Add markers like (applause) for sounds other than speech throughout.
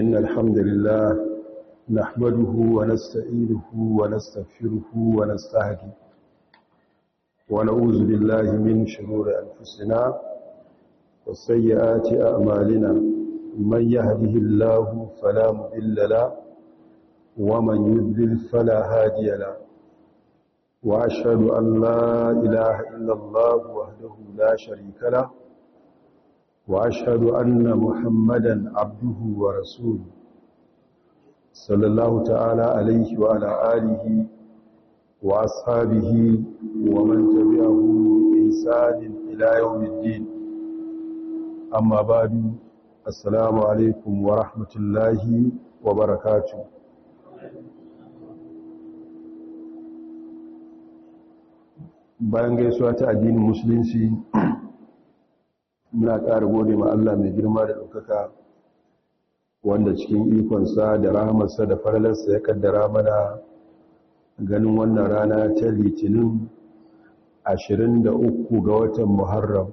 إن الحمد لله نحمده ونستعينه ونستغفره ونستهدي ونعوذ بالله من شرور أنفسنا وسيئات أعمالنا من يهده الله فلا مضل له ومن يضلل فلا هادي له وأشهد أن لا إله إلا الله وحده لا شريك له وأشهد أن محمدا عبده ورسوله صلى الله تعالى عليه وعلى آله وأصحابه ومن تبعه بإنسان إلى يوم الدين أما بعد السلام عليكم ورحمة الله وبركاته bayan gaisuwa ta addinin musulunci muna ƙara gode ma Allah mai girma da ɗaukaka wanda cikin ikonsa da rahamarsa da faralarsa ya kaddara mana ganin wannan rana ta litinin 23 ga watan muharram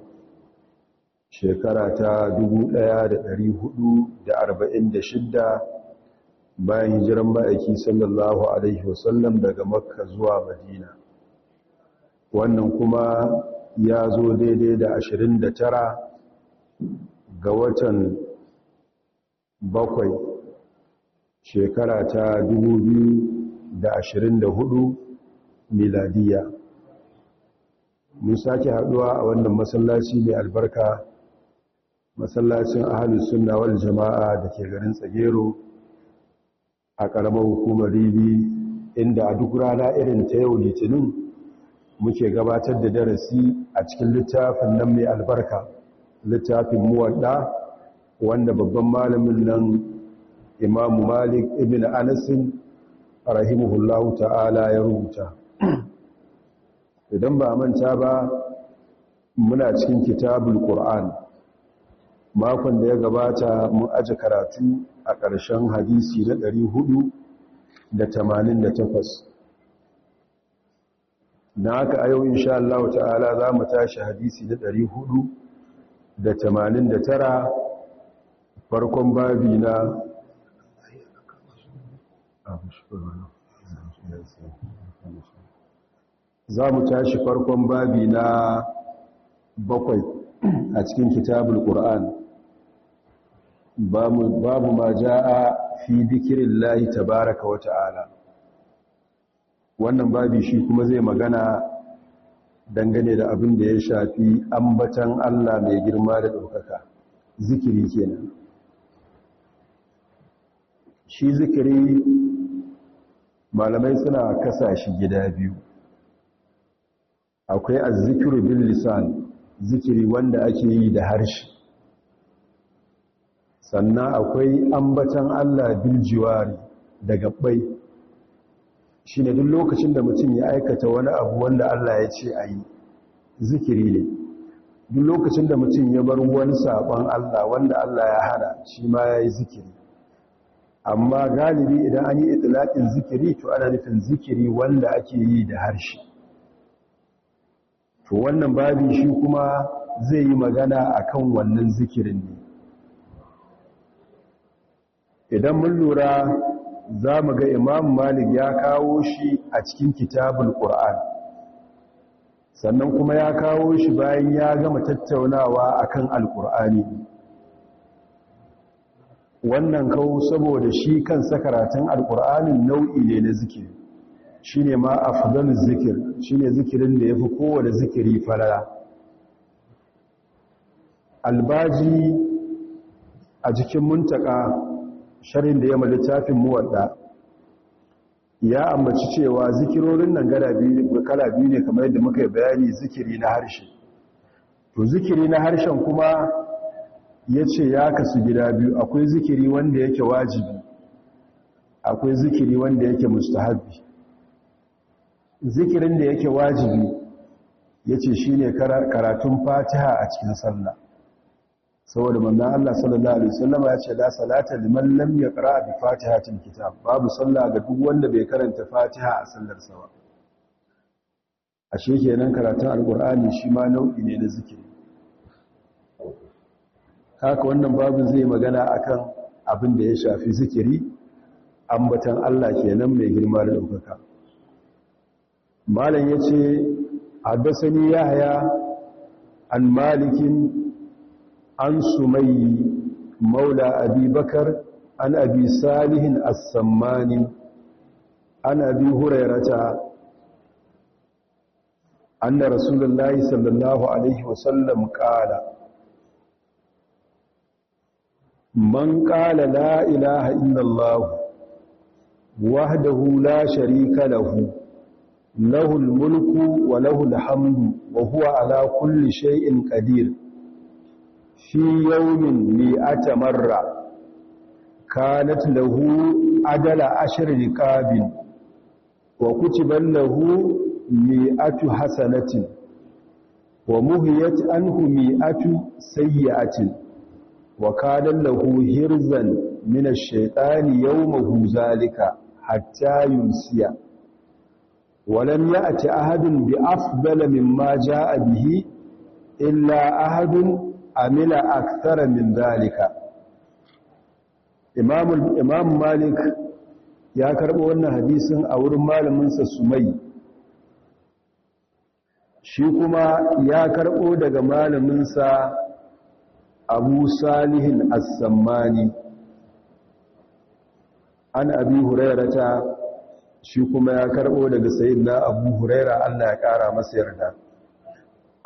shekara ta 1446 bayan hijiran ma'aiki sallallahu alaihi wasallam daga makka zuwa madina wannan kuma ya zo daidai da 29 ga watan bakwai shekara ta da da ashirin 2024 miladiya mun sake haɗuwa a wannan masallaci mai albarka masallacin ahalus sunna wal jama'a da ke garin tsagero a ƙaramar hukumar ribi inda a duk rana irin ta yau litinin muke gabatar da darasi a cikin littafin nan mai albarka littafin muwadda wanda babban malamin nan imamu malik ibn anasin rahimahullahu ta'ala ya rubuta idan ba manta ba muna cikin kitabul qur'an makon da ya gabata mun aje karatu a ƙarshen hadisi na 488 na haka a yau insha Allah ta'ala za mu tashi hadisi na hudu da tamanin da tara, farkon babi na za mu tashi farkon babi na bakwai a cikin kitabul ƙur'an babu ma a fi dikirin layi tabaraka wata'ala wannan babi shi kuma zai magana dangane da abin da ya shafi ambatan Allah mai girma da ɗaukaka zikiri kenan shi zikiri malamai suna kasa shi gida biyu akwai zikiru bil lisan zikiri wanda ake yi da harshe sannan akwai ambatan Allah bin jiwari da gabbai shi ne duk lokacin da mutum ya aikata wani abu wanda Allah ya ce a yi zikiri ne duk lokacin da mutum ya bar wani saƙon Allah wanda Allah ya hana shi ma ya yi zikiri amma galibi idan an yi itilaƙin zikiri to ana nufin zikiri wanda ake yi da harshe to wannan babi shi kuma zai yi magana a kan wannan zikirin ne idan mun lura za mu ga imam malik ya kawo shi a cikin kitabul ƙur'an sannan kuma ya kawo shi bayan ya gama tattaunawa akan alƙur'ani wannan kawo saboda shi kan karatun alƙur'anin nau'i ne na zikiri shi ne ma afdal zikir shi ne zikirin da ya fi kowane zikiri falala albaji a cikin muntaka sharin da ya mali tafin muwadda ya ambaci cewa zikirorin nan gada biyu kala biyu ne kamar yadda muka yi bayani zikiri na harshe to zikiri na harshen kuma ya ce ya kasu gida biyu akwai zikiri wanda yake wajibi akwai zikiri wanda yake mustahabi zikirin da yake wajibi ya ce shi ne karatun fatiha a cikin sallah saboda manzon Allah sallallahu alaihi wasallam ya ce da salata liman lam yaqra bi fatihatil kitab babu sallah ga duk wanda bai karanta fatiha a sallar sa ba ashe kenan karatun alqur'ani shi ma nau'i ne na zikiri haka wannan babu zai magana akan abin da ya shafi zikiri ambatan Allah kenan mai girma da ɗaukaka. malam yace ya yahya an malikin an sumayi maula abi bakar an abi salihin as-sammani an abi hurairata anna rasulullahi sallallahu alaihi wasallam qala man qala la ilaha illallah wahdahu la sharika lahu lahu mulku wa lahul hamdu wa huwa ala kulli shay'in qadir fi yawmin mi'ata marra kanat lahu adala ashr riqabin wa kutiba lahu mi'atu hasanatin wa muhiyat anhu mi'atu sayyi'atin wa kana lahu hirzan min ash-shaytani yawmahu zalika hatta yumsiya ولم يأت أحد بأفضل مما جاء bihi illa ahadun amila aktara min zalika imam imam malik ya karbo wannan hadisin a wurin malaminsa sumai shi kuma ya karbo daga malaminsa abu salihin as an abi hurairata shi kuma ya karbo daga na abu huraira Allah ya kara masa yarda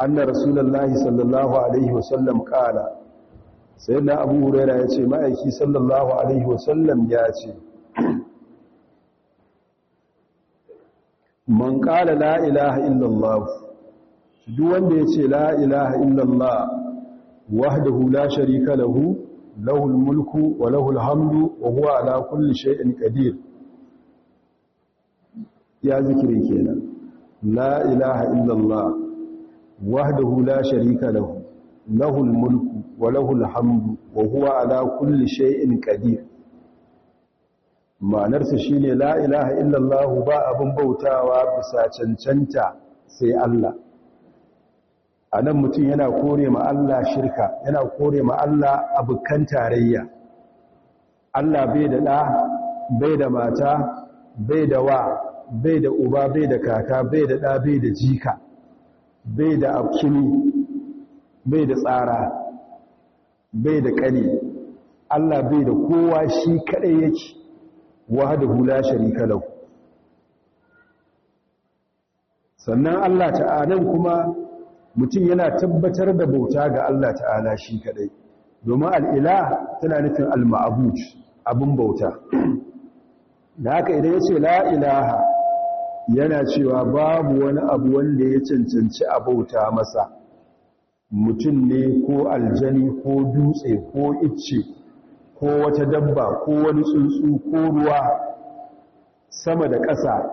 anna rasulullahi sallallahu alaihi wasallam kala sai na abu huraira ya ce ma'aiki sallallahu alaihi wasallam ya ce man kala la'ilaha ilaha illallah duk wanda ya ce la'ilaha ilaha illallah wahdahu la sharika lahu lahul mulku wa lahul hamdu wa huwa ala kulli shay'in qadir ya zikiri kenan la ilaha illallah Wahda hula sharika lahu lahul mulku wa lahul hamdu wa huwa ala kulli shay'in qadir ma'anarsa shine la ilaha illallahu ba abin bautawa bisa cancanta sai Allah anan mutum yana kore ma Allah shirka yana kore ma Allah abukan tarayya Allah bai da ɗa, bai da mata bai da wa bai da uba bai da kaka bai da da bai da jika bai da abkini bai da tsara bai da ƙani Allah bai da kowa shi kaɗai yake wahada la sharika lahu sannan Allah ta'ala kuma mutum yana tabbatar da bauta ga Allah ta'ala shi kaɗai domin al'ila tana nufin al-ma'abuj abin bauta da haka idan ya ce la ilaha yana cewa babu wani abu wanda ya cancanci a masa mutum ne ko aljani ko dutse ko icce ko wata dabba ko wani tsuntsu ko ruwa sama da ƙasa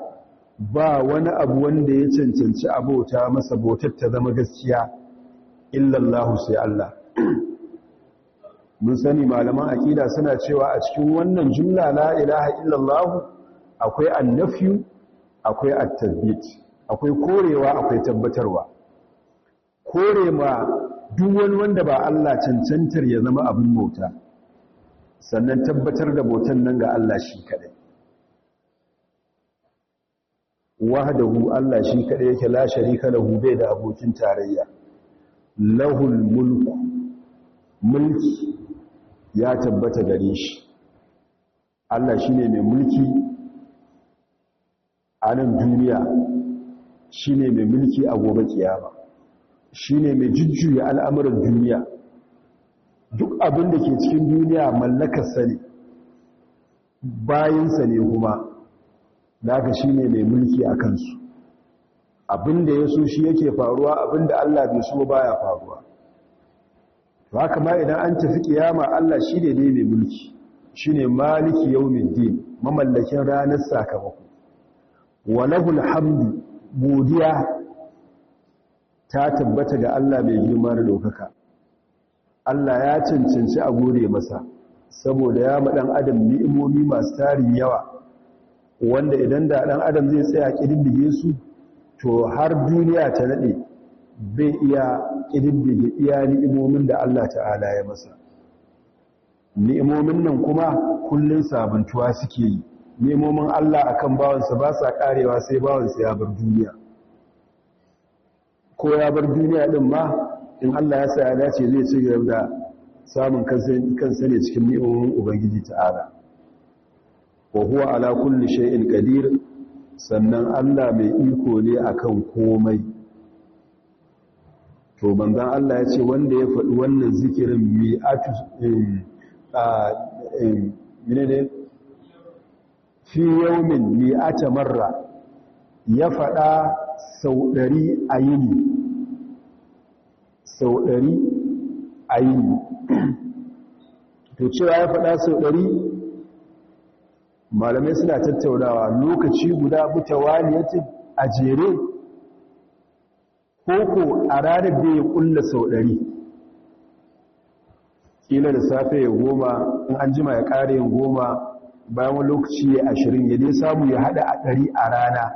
ba wani abu wanda ya cancanci a masa bautar ta zama gaskiya illallahu sai Allah (clears throat) mun sani malaman aƙida suna cewa a cikin wannan jumla la ilaha illallahu akwai annafyu akwai attabit akwai korewa akwai tabbatarwa kore ma duk wani wanda ba Allah cancantar ya zama abin bauta sannan tabbatar da bautan nan ga Allah shi kadai wahdahu Allah shi kadai yake la sharika lahu bai da abokin tarayya lahul mulku mulki ya tabbata gare shi Allah shine mai mulki a nan duniya shi ne mai mulki a gobe kiyama shi ne mai jujjuya al'amuran duniya duk abin da ke cikin duniya mallakarsa ne bayansa ne kuma da aka shi ne mai mulki a kansu abin da ya so shi yake faruwa abin da allah bai so baya faruwa Ba kama idan an tafi kiyama allah shi ne mai mulki shi ne maliki yau mai din mamallakin ranar sakamako wa lahul hamdu godiya ta tabbata ga Allah mai girma da ɗaukaka Allah ya cancanci a gode masa saboda ya ma ɗan adam ni'imomi masu tarin yawa wanda idan da ɗan adam zai tsaya ƙididdige su to har duniya ta naɗe bai iya ƙididdige iya ni'imomin da Allah ta'ala ya masa ni'imomin nan kuma kullun sabuntuwa suke yi nemomin Allah a kan bawansa ba sa ƙarewa sai bawansa ya bar duniya ko ya bar duniya ɗin ma in Allah ya sa ya dace zai ci gaba da samun kansa ne cikin ni'imomin ubangiji ta'ala wa huwa ala kulli shay'in qadir sannan Allah mai iko ne akan komai to banzan Allah ya ce wanda ya faɗi wannan zikirin mi'atu eh, a eh, ne fi yawmin a tamarra ya faɗa sau ɗari a yini sau ɗari a yini to cewa ya faɗa sau ɗari malamai suna tattaunawa lokaci guda mutawaliyatin a jere koko a ranar da ya ƙulla sau ɗari kila da safe ya goma in an jima ya ƙare goma bayan wani lokaci ya ashirin ya dai samu ya haɗa a ɗari a rana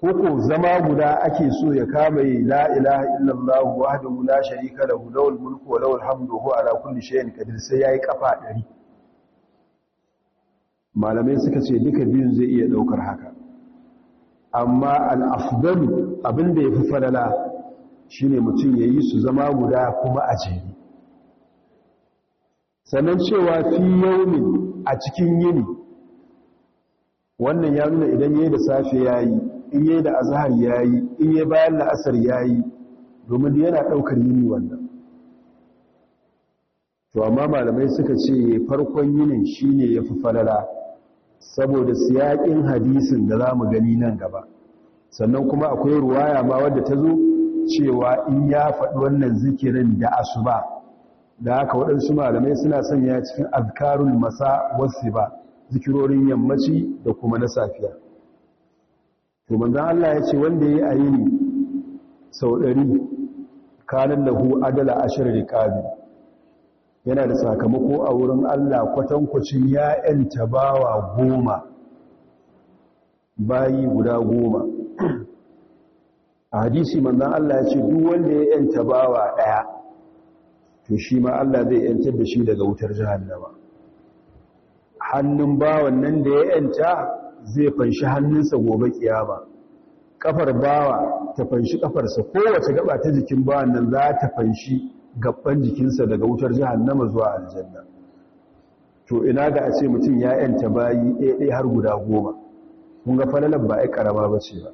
koko zama guda ake so ya kama yi lailaha ilaha illallah wahdahu wula sharika da hulawar mulku wa lahul hamdu huwa ala shay'in qadir sai yayi kafa ɗari. malamai suka ce duka biyun zai iya ɗaukar haka amma al-afdalu ya yafi falala ne mutum ya yi su zama guda kuma a jere sannan cewa fi yawmin a cikin yini wannan ya nuna idan yayi da safe yayi in yayi da azhar yayi in yayi bayan la'asar yayi domin yana ɗaukar yini wannan to amma malamai suka ce farkon yinin shine yafi falala saboda siyakin hadisin da zamu gani nan gaba sannan kuma akwai ruwaya ma wadda ta zo cewa in ya faɗi wannan zikirin da asuba da haka waɗansu malamai suna sanya cikin azkarul masa wasu ba zikirorin yammaci da kuma na safiya to manzan Allah ya ce wanda ya yi a yini sau ɗari kanan lahu adala ashirin rikabi yana da sakamako a wurin Allah kwatankwacin ya'yan tabawa goma bayi guda goma a hadisi manzan Allah ya ce duk wanda ya yanta bawa ɗaya to shi ma Allah zai yantar da shi daga wutar jahannama hannun bawan nan da ya yanta zai fanshi hannunsa gobe kiyama kafar bawa ta fanshi kafarsa kowace gaba ta jikin bawan nan za ta fanshi gaban jikinsa daga wutar jahannama zuwa aljanna to ina ga a ce mutum ya yanta bayi ɗaya har guda goma kun ga falalan ba ai karama bace ba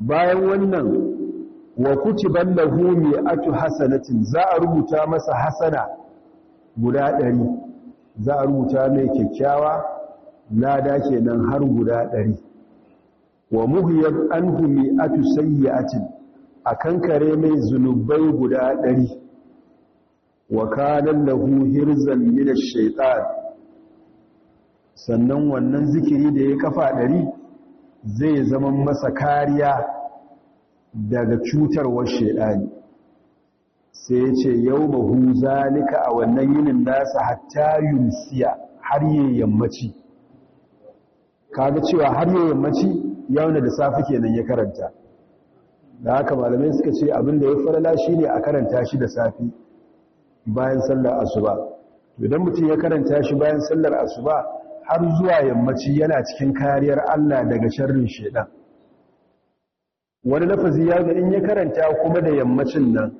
bayan wannan wa kutiban lahu mi'atu hasanatin za a rubuta masa hasana guda ɗari za a rubuta mai kyakkyawa lada kenan har guda ɗari wa muhiyar anhu mi'atu sayyi'atin a kare mai zunubai guda ɗari wa kanan lahu hirzan min da shaytan sannan wannan zikiri da ya kafa ɗari zai zama masa kariya daga cutarwar shaidani sai ya ce yau ba hu zalika a wannan yinin nasa hatta yunsiya har yi yammaci kaga cewa har yi yammaci yawon da safi kenan ya karanta da haka malamai suka ce abinda ya falala shi ne a karanta shi da safi bayan sallar asuba idan mutum ya karanta shi bayan sallar asuba har zuwa yammaci yana cikin kariyar allah daga sharrin shaidan wani lafazi ya ga in ya karanta kuma da yammacin nan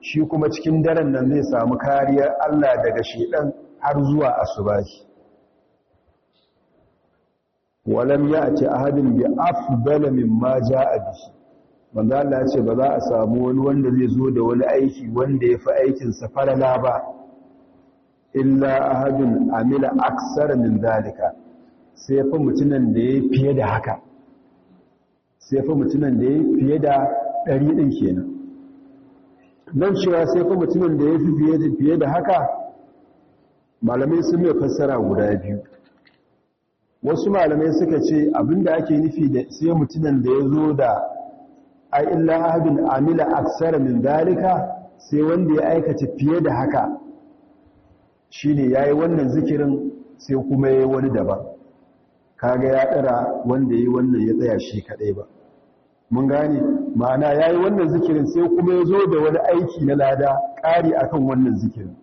shi kuma cikin daren nan zai samu kariyar Allah daga shedan har zuwa asubahi walam ya ce ahadin bi afdala mimma jaa bihi manzo Allah ya ce ba za a samu wani wanda zai zo da wani aiki wanda yafi aikin sa farala ba illa ahadun amila aksara min zalika sai fa mutunan da yayi fiye da haka sai fa mutumin da ya fiye da ɗari ɗin kenan nan cewa sai fa mutumin da ya fi fiye da haka malamai sun mai fassara guda biyu wasu malamai suka ce abinda ake nufi da sai mutumin da ya zo da ai Abin amila aksara min dalika sai wanda ya aikata fiye da haka Shi ne ya yi wannan zikirin sai kuma ya yi wani daban kaga ya dara wanda ya yi wannan ya tsaya shi kaɗai ba mun gane ma'ana yi wannan zikirin sai kuma ya zo da wani aiki na lada ƙari akan wannan zikirin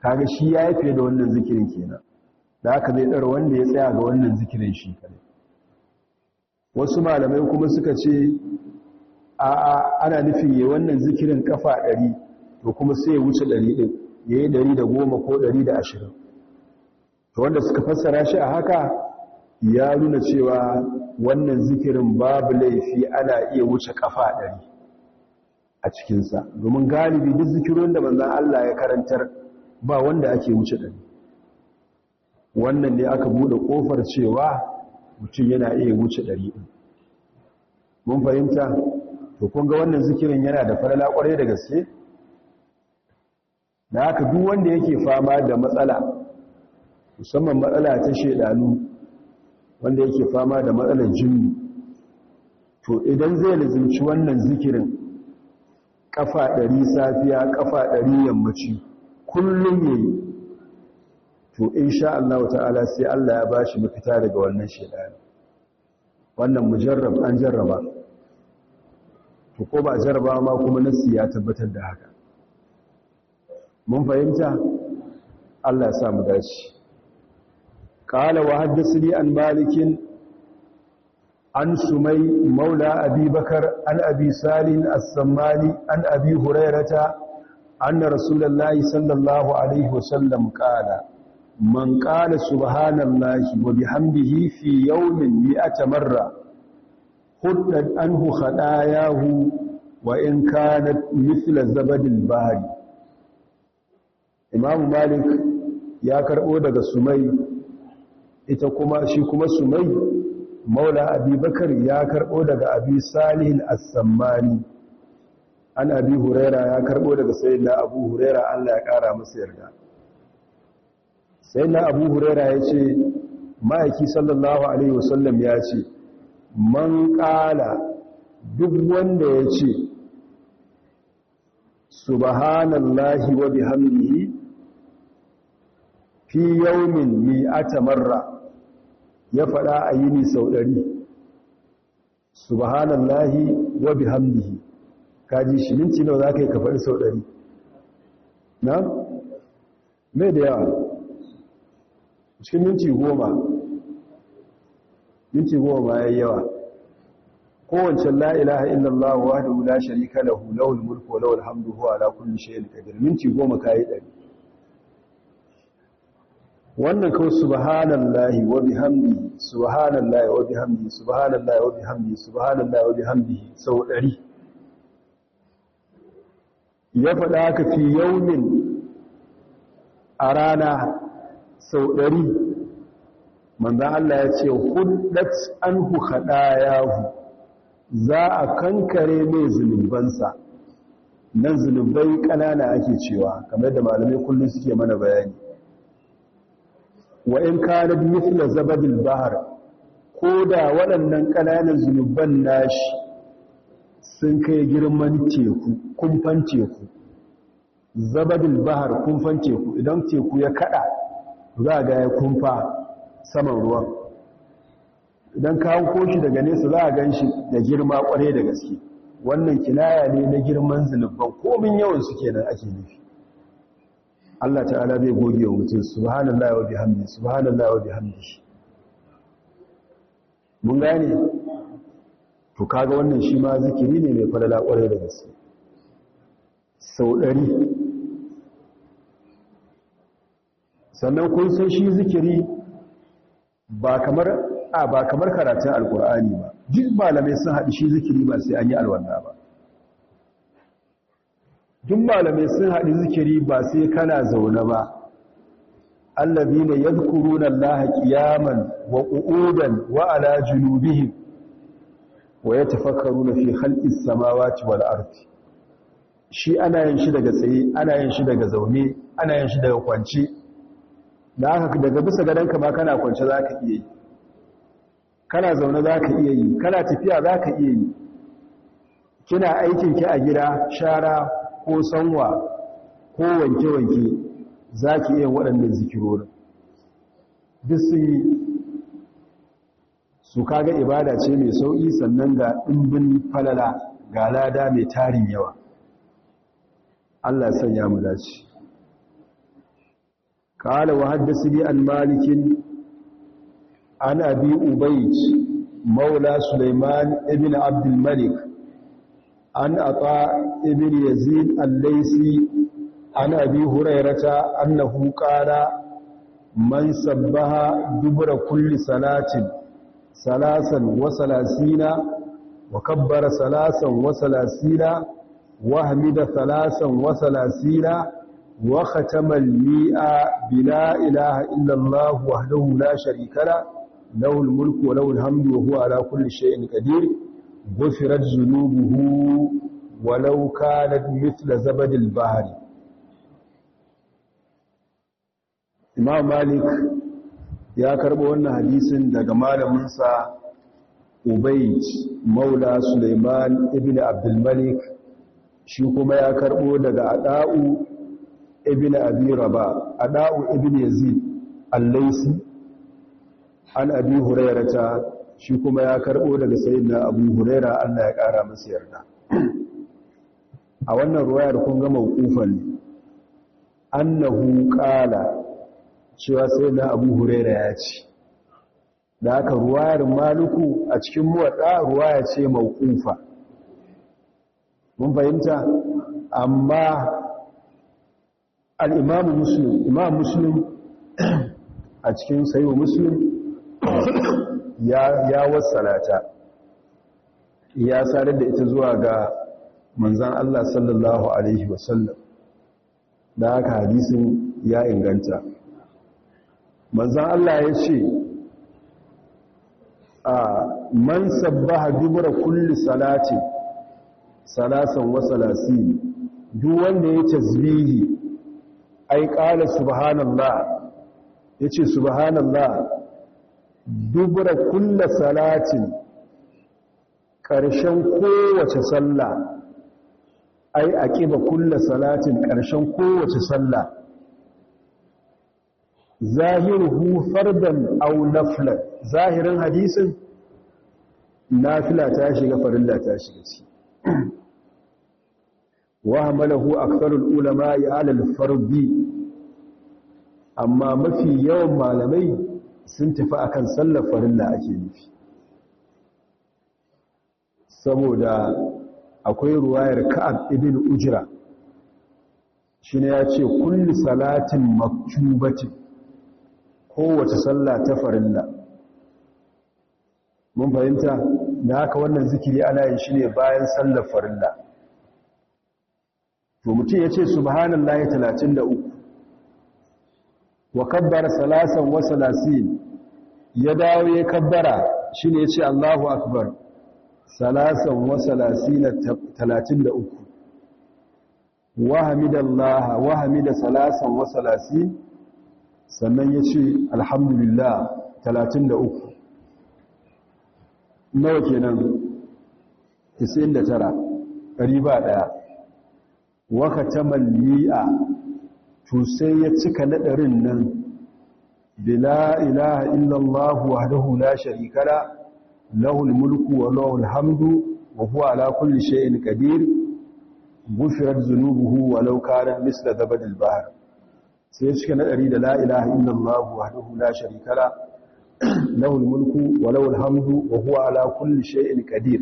kaga shi ya yi fiye da wannan zikirin kenan da haka zai ɗara wanda ya tsaya ga wannan zikirin shi kare wasu malamai kuma suka ce a ana nufin yayi wannan zikirin kafa ɗari to kuma sai ya wuce ɗari ɗari yayi goma ko ɗari da ashirin. to wanda suka fassara shi a haka ya nuna cewa wannan zikirin babu laifi ana iya wuce kafa ɗari a cikinsa domin galibi duk zikirin da manzan Allah ya karantar ba wanda ake wuce ɗari wannan ne aka buɗe ƙofar cewa mutum yana iya wuce ɗari ɗin mun fahimta to kun ga wannan zikirin yana da farala ƙwarai da gaske da haka duk wanda yake fama da matsala musamman matsala ta shaidanu wanda yake fama da matsalar jini to idan zai lizinci wannan zikirin kafa ɗari safiya kafa ɗari yammaci kullum yi. to insha Allah ta'ala sai Allah ya bashi mafita daga wannan shedani wannan mujarrab an jarraba to ko ba jarraba ma kuma nasi ya tabbatar da haka mun fahimta Allah ya sa mu dace قال وحدثني عن مالك عن سمي مولى أبي بكر عن أبي سالم السماني عن أبي هريرة أن رسول الله صلى الله عليه وسلم قال من قال سبحان الله وبحمده في يوم مئة مرة خدت أنه خلاياه وإن كانت مثل زبد البحر إمام مالك يا كرؤو daga Sumai ita kuma shi kuma sumai maula abubakar ya karbo daga abi salih as-sammani an abi huraira ya karbo daga sayyidina abu huraira Allah ya kara masa yarda sayyidina abu huraira ce, ma'aiki sallallahu alaihi wasallam ya ce man kala duk wanda ya ce subhanallahi wa bihamdihi fi yawmin mi'ata marra ya faɗa a yi ni sau ɗari subhanallahi wa bihamdihi kaji shi minti nawa za ka yi ka faɗi sau ɗari na? mai da yawa cikin minti goma minti goma bayan yawa la la'ilaha illallah wa da wula sharika lahu lahu mulku wa lahu hamdu huwa ala kulli shay'in qadir minti goma kai dari wannan kawai subhanallahi wa bihamdihi subhanallahi wa bihamdihi subhanallahi wa bihamdihi subhanallahi wa bihamdihi sau 100 ya faɗa haka fi yaumin a rana sau 100 manzan Allah ya ce an huddat anhu yahu. za a kankare mai zunubansa nan zunubai ƙanana ake cewa kamar da malamai kullum suke mana bayani wa in kana mithla zabadil bahr ko da waɗannan ƙananan zunuban nashi sun kai girman teku kumfan teku zabadil bahar kumfan teku idan teku ya kaɗa, za ga ya kumfa saman ruwan idan ka hanko shi daga nesa za a gan shi da girma kwarai da gaske wannan kinaya ne na girman zunuban komin yawan su kenan ake nufi Allah ta'ala zai goge wa mutum subhanallahi wa bihamdihi subhanallahi wa bihamdihi mun gane to kaga wannan shi ma zikiri ne mai falala kwarai da gaske sau ɗari sannan kun san shi zikiri ba kamar a ba kamar karatun alkur'ani ba duk malamai sun haɗi shi zikiri ba sai an yi alwanda ba duk malamai sun haɗi zikiri ba sai kana zaune ba allazina yadhkuruna allaha qiyaman wa qu'udan wa ala junubihim wa yatafakkaruna fi khalqis samawati wal ardi shi ana yin shi daga tsaye ana yin shi daga zaune ana yin shi daga kwance da haka daga bisa gadonka ma kana kwance za ka iya yi kana zaune za ka iya yi kana tafiya za ka iya yi kina aikinki a gida shara ko sanwa ko wanke-wanke za ki iya waɗannan zikirorin duk su yi su kaga ibada ce mai sauƙi sannan ga ɗimbin falala ga lada mai tarin yawa Allah sanya mu dace قال bi عن مالك عن أبي أبيت Maula سليمان ابن عبد Malik. an ata ibn yazid al-laysi an abi hurairata annahu qala man sabbaha dubra kulli salatin salasan wa salasina wa kabbara salasan wa salasina wa hamida salasan wa salasina wa khatama al-mi'a bila ilaha illa allah wahdahu la sharika lahu al-mulku wa lahu al-hamdu wa huwa ala kulli shay'in qadir غفرت ذنوبه ولو كانت مثل زبد bahari imam malik ya كربو wannan hadisin daga malamin sa ubayd maula suleiman ibn abdulmalik shi kuma ya karɓo daga ada'u ibn abi raba ada'u ibn yazid al an abi hurairata shi kuma ya karbo daga sayyidina abu huraira Allah ya kara masa yarda a wannan ruwayar kun ga mawqufan ne annahu qala cewa sayyidina abu huraira ya ce da haka ruwayar maluku a cikin muwaɗa ruwaya ce mawqufa mun fahimta amma al muslim imam muslim a cikin sayo muslim ya wassala ya sadar da ita zuwa ga manzan Allah sallallahu alaihi wasallam da haka hadisin ya inganta manzan Allah ya ce a man sabbaha dubura kulli salati salasan wa duk wanda ya tasbihi ai ƙara subhanallah yace subhanallah dubura kulla salatin ƙarshen kowace sallah ai a ƙiba kulla salatin ƙarshen kowace sallah zahiruhu fardan au naflan zahirin hadisin nafila ta shiga farilla ta shiga ci (clears throat) wa hamalahu aktharul ulama ya alal fardi amma mafi yawan malamai sun tafi akan sallar farilla ake nufi saboda akwai ruwayar ka'ab ibn ujra shi ne ya ce kulli salatin maktubatin kowace sallah ta farilla mun fahimta da haka wannan zikiri ana yin shi ne bayan sallar farilla to mutum ya ce subhanallah uku. wa kabbara salasan wa salasin ya dawo ya kabbara shine ya ce Allahu akbar salasan wa salasina talatin da uku, wa hamida salasan wa salasin sannan ya ce alhamdulillah uku. nawa kenan 99 ba ɗaya. wa katamal li'a sai ya cika naɗarin nan bila ilaha illallah wahdahu la sharika la lahul mulku wa lahul hamdu wa huwa ala kulli shay'in qadir gufirat dhunubuhu wa law kana misla zabadil bahr sai ya cika naɗari da la ilaha illallah wahdahu la sharika la lahul mulku wa lahul hamdu wa huwa ala kulli shay'in qadir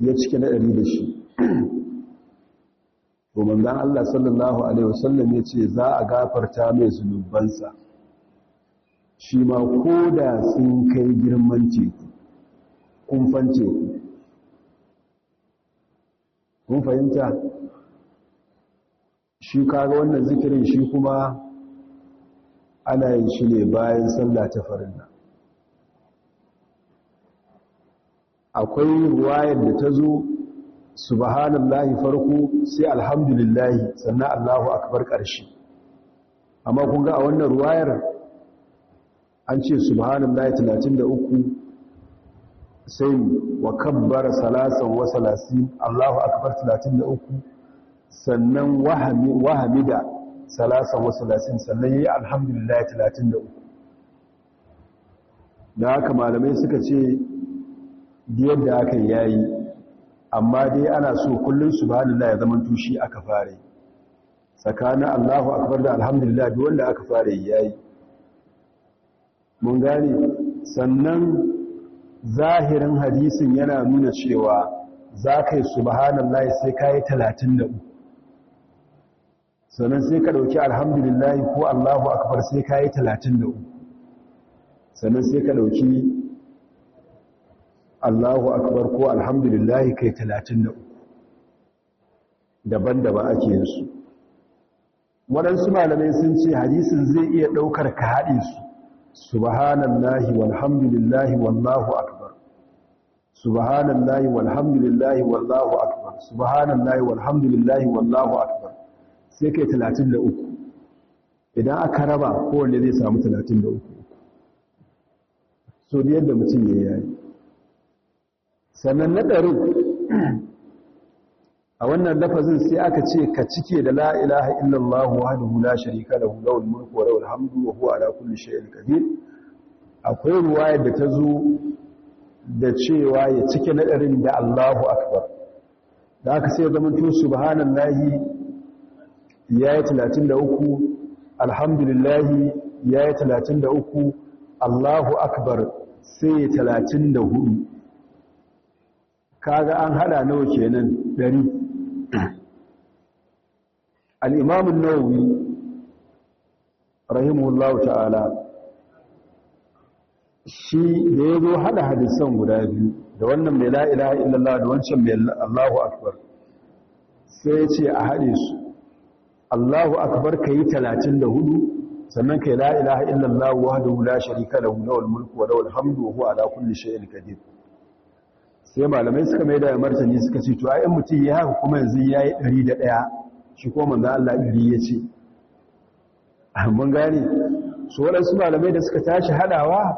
ya cika naɗari da shi to manzon Allah sallallahu alaihi wasallam ce, za a gafarta mai zunubansa shi ma ko da sun kai girman teku kumfan teku kun fahimta shi kaga wannan zikirin shi kuma ana yin shi ne bayan sallah ta farilla akwai ruwayar da ta zo subhanallahi farko sai alhamdulillahi sannan Allahu akbar ƙarshe amma kun ga a wannan ruwayar an ce subhanallahi 33 sai wa kabbara salasan wa salasin Allahu akbar 33 sannan wahamida salasan wa salasin sannan yayi alhamdulillahi 33 da haka malamai suka ce yadda aka yayi amma dai ana so kullum subhanallah ya zama tushi aka fare tsakanin Allahu akbar da alhamdulillah duk wanda aka fare yayi mun gane sannan zahirin hadisin yana nuna cewa za ka yi subhanallah sai ka yi 33 sannan sai ka ɗauki alhamdulillah ko Allahu akbar sai ka yi 33 sannan sai ka ɗauki Allahu akbar ko alhamdulillah kai 33 daban-daban ake yin su waɗansu malamai sun ce hadisin zai iya ɗaukar ka haɗe su subhanallahi walhamdulillahi wallahu akbar subhanallahi walhamdulillahi wallahu akbar subhanallahi walhamdulillahi wallahu akbar sai kai 33 idan aka raba kowanne zai samu 33 so da yadda mutum ya yi sannan na ɗarin a wannan lafazin sai aka ce ka cike da la'ilaha ilaha illallah wahdahu la sharika lahu lahul mulku wa rawar hamdu wa huwa ala kulli shay'in qadir akwai ruwa da ta zo da cewa ya cike na ɗarin da Allahu akbar da aka sai zama yi talatin da 33 alhamdulillahi ya yayi 33 Allahu akbar sai 34 kaga an hada nawa kenan dari al-imam an-nawawi rahimahullahu ta'ala shi da ya zo hada hadisan guda biyu da wannan mai la ilaha illallah da wancan mai Allahu akbar sai ya ce a hade su Allahu akbar kai 34 sannan kai la ilaha illallah wahdahu la sharika lahu lahul mulku wa lahul hamdu wa huwa ala kulli shay'in qadir sai malamai suka mai da martani suka ce to ayin mutum ya haka kuma yanzu ya yi ɗari da ɗaya shi ko manzo Allah iri ya ce mun gane su waɗansu malamai da suka tashi haɗawa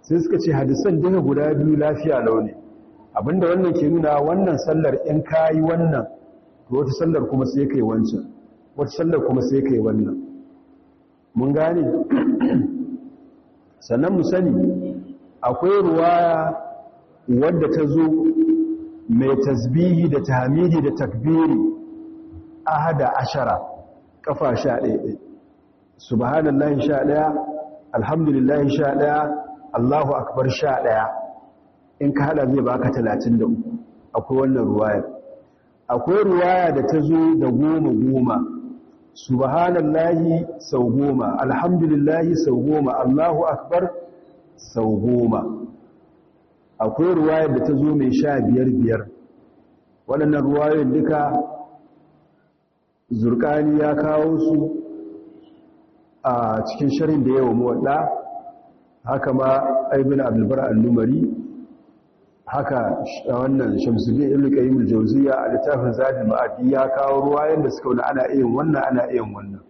sai suka ce hadisan duka guda biyu lafiya launi abinda wannan ke nuna wannan sallar in ka yi wannan to wata sallar kuma sai kai wancan wata sallar kuma sai kai wannan mun gane sannan mu sani akwai ruwaya wadda ta zo mai tasbihi da tahmidi da takbiri ahada ashara kafa sha ɗaya subhanallahi sha ɗaya alhamdulillahi sha ɗaya allahu akbar sha ɗaya in ka haɗa zai baka talatin da uku akwai wannan ruwayar akwai ruwaya da ta zo da goma goma subhanallahi sau goma alhamdulillahi sau goma allahu akbar sau goma akwai ruwayar da ta zo mai sha biyar biyar waɗannan ruwayoyin duka zurkani ya kawo su a cikin sharin da yawa waɗa. haka ma aibin abdulbar al-numari haka wannan shamsuddin ibn qayyim al-jawziya a littafin zafin ma'adi ya kawo ruwayoyin da suka wani ana iya wannan ana iya wannan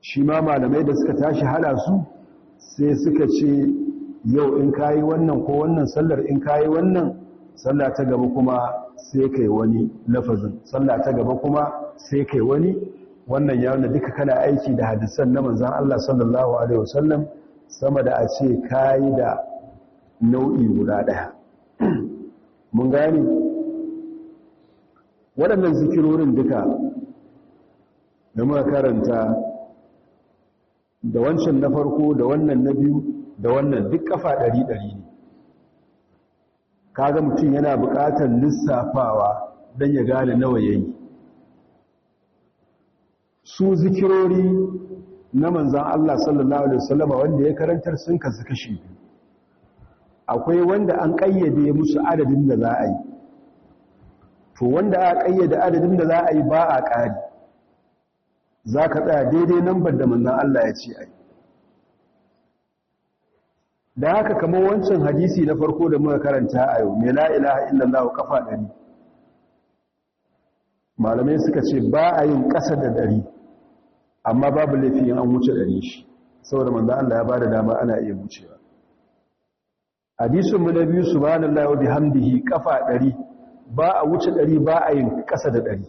shi ma malamai da suka tashi hada su sai suka ce yau in kayi wannan ko wannan sallar in kayi wannan sallah ta gaba kuma sai kai wani lafazin sallah ta gaba kuma sai kai wani wannan ya wanda duka kana aiki da hadisan na manzan Allah sallallahu alaihi wasallam sama da a ce kayi da nau'i guda daya (clears throat) mun gane waɗannan zikirorin duka da muka karanta da wancan na farko da wannan na biyu da wannan duk kafa ɗari ɗari ne kaga mutum yana buƙatar lissafawa don ya gane nawa ya yi su zikirori na manzan Allah sallallahu Alaihi wasallama wanda ya karantar sun kasu kashi biyu akwai wanda an ƙayyade musu adadin da za a yi to wanda a ƙayyade adadin da za a yi ba a ƙari za ka tsaya daidai nambar da manzan Allah ya ce a yi da haka kamar wancan hadisi na farko da muka karanta a yau mai la ilaha illallah kafa ɗari malamai suka ce ba a yin ƙasa da ɗari amma babu laifin an wuce ɗari shi saboda manzo Allah ya bada dama ana iya wucewa hadisin mu na biyu subhanallahi wa bihamdihi kafa ɗari ba a wuce ɗari ba a yin ƙasa da ɗari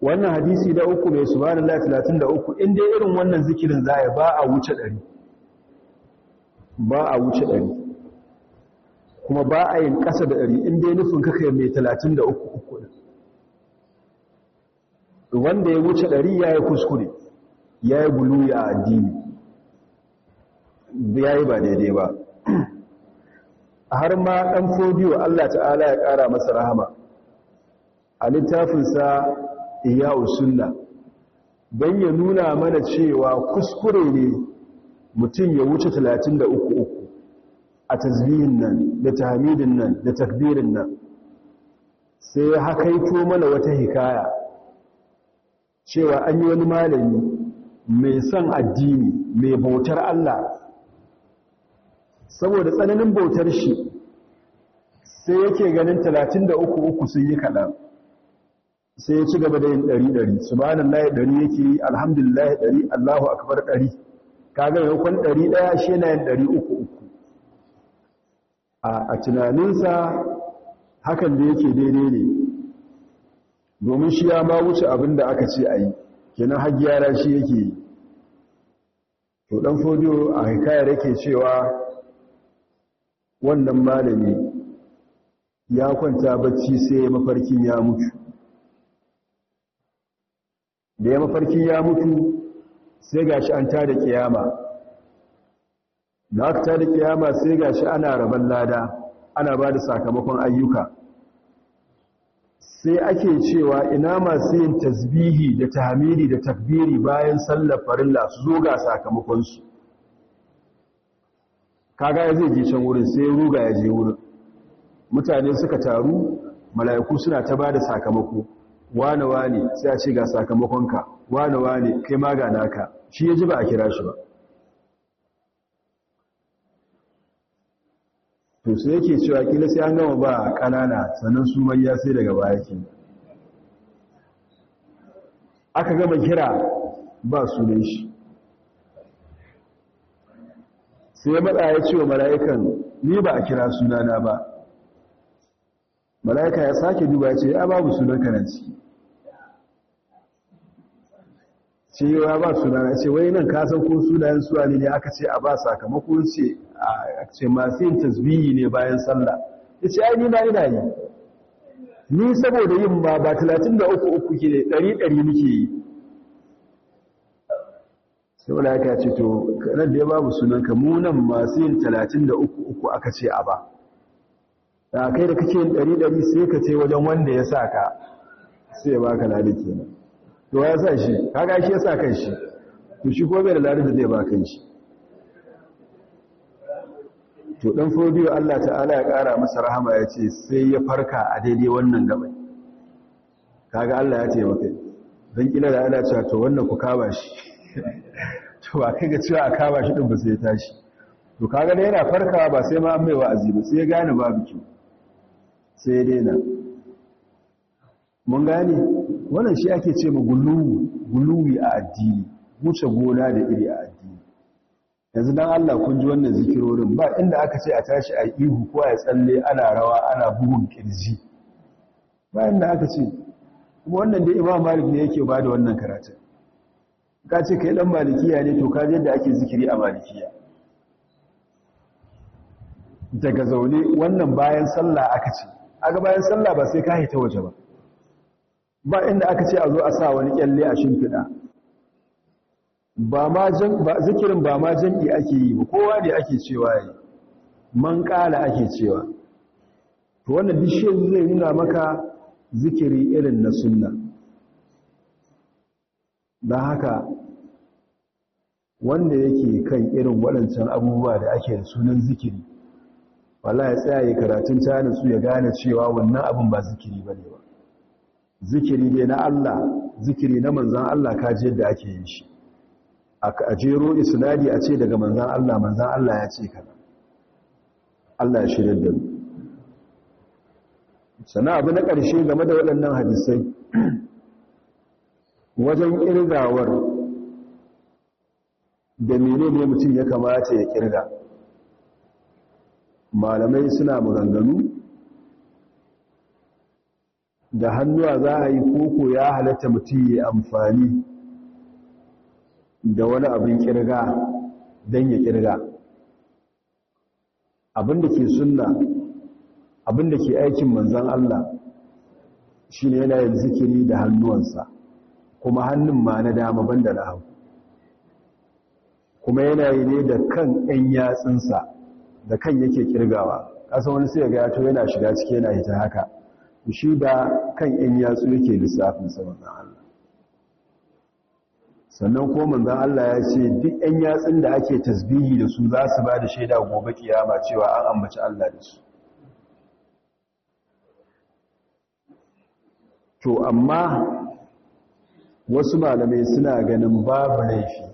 wannan hadisi da uku mai subhanallahi 33 in dai irin wannan zikirin za a ba a wuce ɗari ba a wuce ɗari kuma ba a yin ƙasa da ɗari inda ya nufin kakai mai talatin da uku uku wanda ya wuce ɗari ya yi kuskure ya yi gulu a addini ya yi ba daidai ba (clears throat) har ma ɗan fodiyo allah ta'ala ya ƙara masa rahama a littafinsa iya usunna don ya nuna mana cewa kuskure ne mutum ya wuce 33 a tasbihin nan da tahmidin nan da takbirin nan sai ya hakaito mana wata hikaya cewa an yi wani malami mai son addini mai bautar Allah saboda tsananin bautar shi sai yake ganin 33 sun yi kaɗan sai ya ci gaba da yin ɗari-ɗari subhanallah ɗari yake yi alhamdulillah ɗari allahu akbar ɗari kaga yau ɗari ɗaya shi yana yin ɗari uku uku a tunaninsa hakan da yake daidai ne domin shi ya ma wuce abin da aka ce a yi kenan har gyara shi yake yi to dan fodiyo a hikayar yake cewa wannan malami ya kwanta bacci sai mafarkin ya mutu da ya mafarkin ya mutu sai ga shi an tada kiyama da aka tada kiyama sai ga shi ana raban lada ana ba da sakamakon ayyuka sai ake cewa ina masu yin tasbihi da tahmidi da takbiri bayan sallar farilla su zo ga sakamakonsu kaga ya zai je can wurin sai ruga ya je wurin mutane suka taru mala'iku suna ta ba da sakamako wane wane sai a ce ga sakamakonka wane wane kai magana ka. shi ya ji ba a kira shi ba to sai yake cewa kila sai an gama ba ƙanana sannan su manya sai daga baya ke aka gama kira ba su ne shi sai mada ya ce wa mala'ikan ni ba a kira sunana ba mala'ika ya sake duba ya ce ya babu sunan karanci ce ya ba su nana ce wai nan ka san ko sunayen suwa ne aka ce a ba sakamakon ce a ce masu yin tasbihi ne bayan sallah ya ce ai ni na ina yi ni saboda yin ma ba 33 uku ke ne 100 muke yi sai wani aka ce to nan da ya babu sunanka mu nan masu yin 33 uku aka ce a ba da kai da kake yin 100 sai ka ce wajen wanda ya sa ka sai ya baka lalike kenan to ya sa shi kaga shi ya sa kan shi to shi ko bai da lari da zai ba kan shi to dan fodiyo Allah ta'ala ya kara masa rahama ya ce sai ya farka a daidai wannan gaba kaga Allah ya ce maka dan kila da ana cewa to wannan ku kaba shi (laughs) to ba kai ga cewa a kaba shi din ba sai ya tashi to kaga dai yana farkawa ba sai ma an mai wa'azi ba sai ya gane babu kyau sai ya daina mun gane wannan shi ake ce ma guluwi a addini wuce gona da iri a addini yanzu dan Allah kun ji wannan zikirorin ba inda aka ce a tashi a ihu ko a tsalle ana rawa ana bugun kirji ba inda aka ce kuma wannan da Imam Malik ne yake ba da wannan karatun ka ce kai dan malikiya ne to ka ji yadda ake zikiri a malikiya daga zaune wannan bayan sallah aka ce aga bayan sallah ba sai ka hita waje ba ba inda aka ce a zo a sa wani kyalle a shimfiɗa ba zikirin ba ma jam'i ake yi ba kowa ne ake cewa yi man ƙala ake cewa to wannan bishe zai nuna maka zikiri irin na sunna don haka wanda yake kan irin waɗancan abubuwa da ake da sunan zikiri wala ya tsaya ya karatun tare su ya gane cewa wannan abin ba zikiri ba ne ba zikiri ne na Allah zikiri na manzan Allah kaji yadda ake yin shi a jero isnadi a ce daga manzan Allah manzan Allah ya ce kana Allah ya shirya da sana abu na ƙarshe game da waɗannan hadisai wajen ƙirgawar da mene ne mutum ya kamata ya ƙirga malamai suna maganganu da hannuwa za a yi koko ya halatta mutum ya amfani da wani abin kirga don ya kirga abin da ke sunna abin da ke aikin manzan Allah shi ne yana yin zikiri da hannuwansa kuma hannun ma na dama banda na hau kuma yana yi ne da kan 'yan yatsunsa da kan yake kirgawa ƙasa wani sai ga yato yana shiga ciki yana hita haka shi da kan ‘yan yatsu yake lissafin saboda Allah sannan ko manzan Allah ya ce duk ‘yan yatsun da ake tasbihi da su za su ba da shaida gobe kiyama cewa an ambaci Allah da su to amma wasu malamai suna ganin babu laifi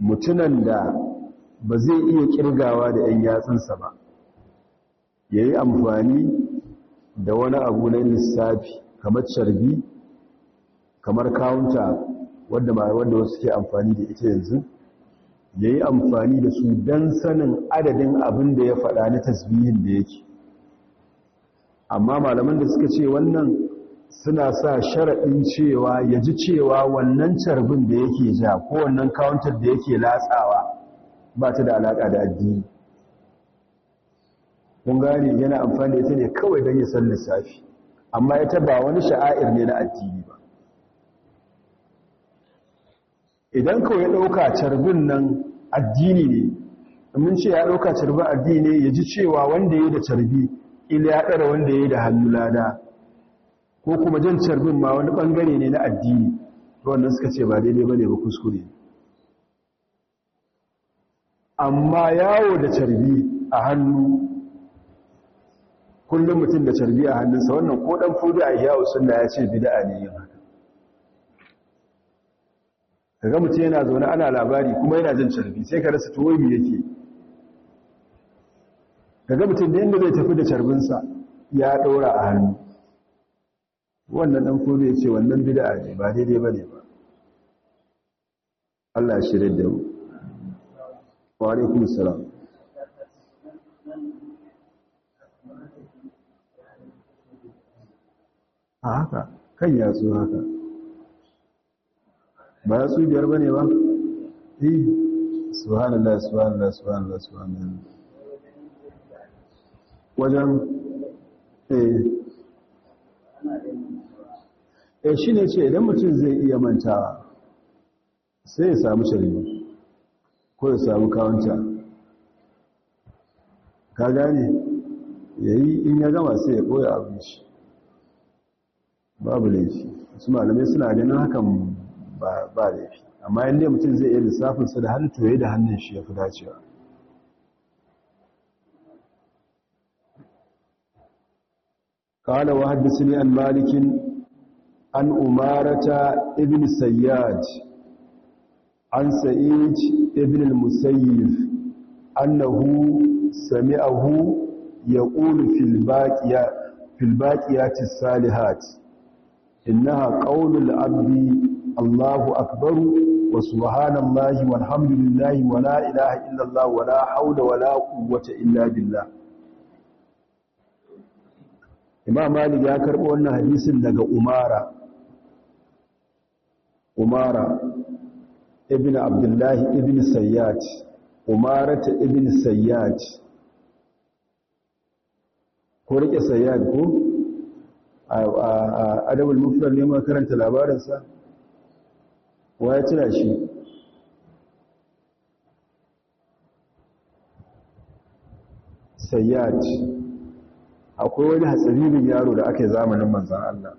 mutunan da ba zai iya kirgawa da ‘yan yatsunsa ba ya yi amfani da wani abu na lissafi kamar carbi kamar kawunta wadda wadda wasu ke amfani da ita yanzu ya yi amfani da su don sanin adadin abin da ya faɗa na tasbihin da yake amma malaman da suka ce wannan suna sa sharaɗin cewa ya ji cewa wannan carbin da yake ja ko wannan kawuntar da yake latsawa ba ta da alaƙa da addini kun gane yana amfani da ita ne kawai don ya san lissafi amma ita ba wani sha'air ne na addini ba idan kawai ɗauka carbin nan addini ne mun ce ya ɗauka carbin addini ne ya ji cewa wanda ya yi da carbi ila ya ɗara wanda ya yi da hannu lada ko kuma jan carbin ma wani ɓangare ne na addini wannan suka ce ba daidai ba ne ba kuskure amma yawo da carbi a hannu kullum mutum da carbi a hannunsa wannan ko dan fudi a ihya sunna ya ce bid'a ne yin haka ga mutum yana zaune ana labari kuma yana jin carbi sai ka rasa to wai yake yake ga mutum da yadda zai tafi da carbinsa ya daura a hannu wannan dan fudi ya ce wannan bid'a ne ba daidai ba ne ba Allah ya da mu wa alaikum salam a haka kan yatsu haka ba ya su biyar ba ne ba? eh suhanallah, suhanallah, suhanallah, suhanallah. wajen eh eh shi ne ce idan mutum zai iya mantawa sai ya samu shari'a ko ya samu kawanta ka gane ya yi in ya gama sai ya abin abinci babu laifi su malamai suna ganin hakan ba laifi amma yadda mutum zai iya lissafinsa da hannun toye da hannun shi ya fi dacewa kawai wa hadda ne an malikin an umarata ibn sayyad an sa'id ibn musayyif annahu sami'ahu ya ƙuri filbaƙiyatis salihati innaha qaulul abdi Allahu akbar wa subhanallahi walhamdulillahi wa la ilaha illallah wa la hawla wa la quwwata illa Imam Malik ya karɓi wannan hadisin daga Umara Umara ibn Abdullahi ibn Sayyad Umara ibn Sayyad ko rike Sayyad ko a mufrad ne neman karanta labarinsa wa ya tira shi sayyad akwai wani hatsarinin yaro da aka yi zamanin manzan Allah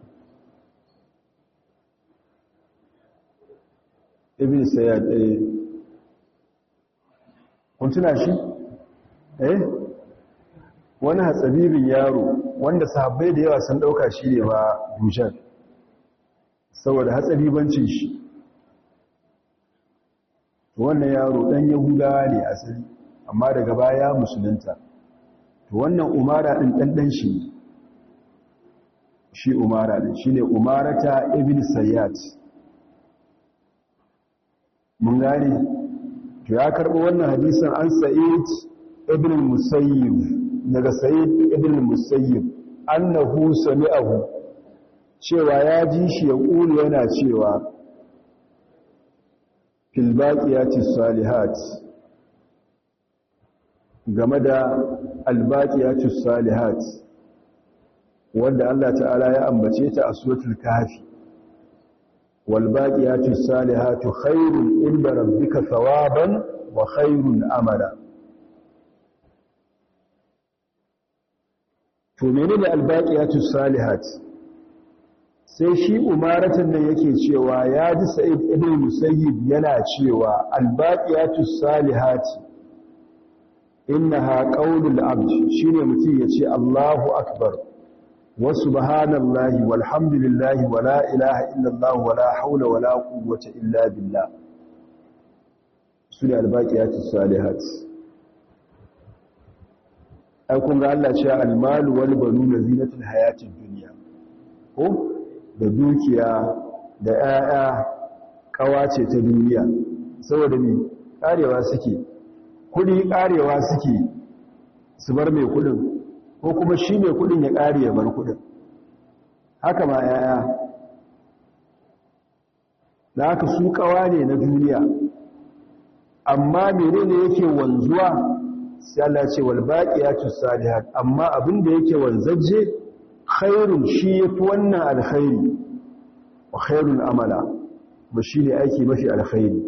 ibi sayyad ɗaya eh. kun tuna shi eh wani hatsabibin yaro wanda sahabbai da yawa sun dauka shi ne ba dushan saboda hatsabibancin shi wannan yaro dan yahudawa ne asali amma daga baya musulunta to wannan umara din dan dan shi shi umara din ne umarata ibn sayyad mun gane to ya karbo wannan hadisin an sa'id ibn musayyib daga sayid ibn musayyib annahu sami'ahu cewa ya ji shi ya ƙulu yana cewa fil baqiyati salihat game da albaqiyatu salihat wanda Allah ta'ala ya ambace ta a suratul kahfi wal baqiyatu salihatu khairun inda rabbika thawaban wa khairun amala to menene albaqiyatu salihat sai shi umaratan nan yake cewa ya ji sa'id ibn musayyib yana cewa albaqiyatu salihat innaha qaulul abd shine mutum yace Allahu akbar wa subhanallahi walhamdulillahi wala ilaha illallah wala haula wala quwwata illa billah sura albaqiyatu salihat ai kun ga Allah ce almalu wal banuna zinatul hayatid dunya ko da dukiya da 'ya'ya kawace ta duniya saboda ni karewa suke kudi karewa suke su bar mai kudin ko kuma shi mai kudin ya kare ya bar kudin haka ma 'ya'ya da haka su kawa ne na duniya amma menene yake wanzuwa sai Allah ce wal baqiyatu salihat amma abin da yake wanzaje khairun shi yafi wannan alkhairi wa khairul amala ba shine aiki mafi alkhairi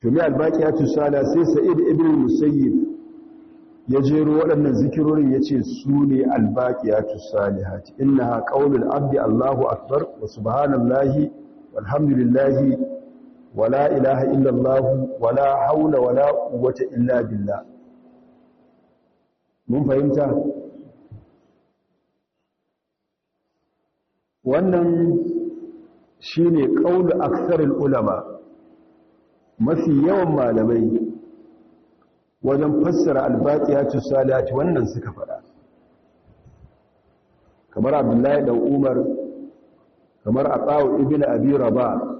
to albaƙi ya baqiyatu salihat sai sa'id ibn musayyib ya jero waɗannan zikirorin yace su ne al baqiyatu salihat innaha qaulul abdi Allahu akbar wa subhanallahi walhamdulillahi wala ilaha illallah wala haula wala quwwata illa billa, mun fahimta wannan shine qaulu aktsarul ulama mafi yawan malamai wajen fassara albatiyatu salati wannan suka fada kamar abdullahi dan umar kamar atawu ibnu abi rabah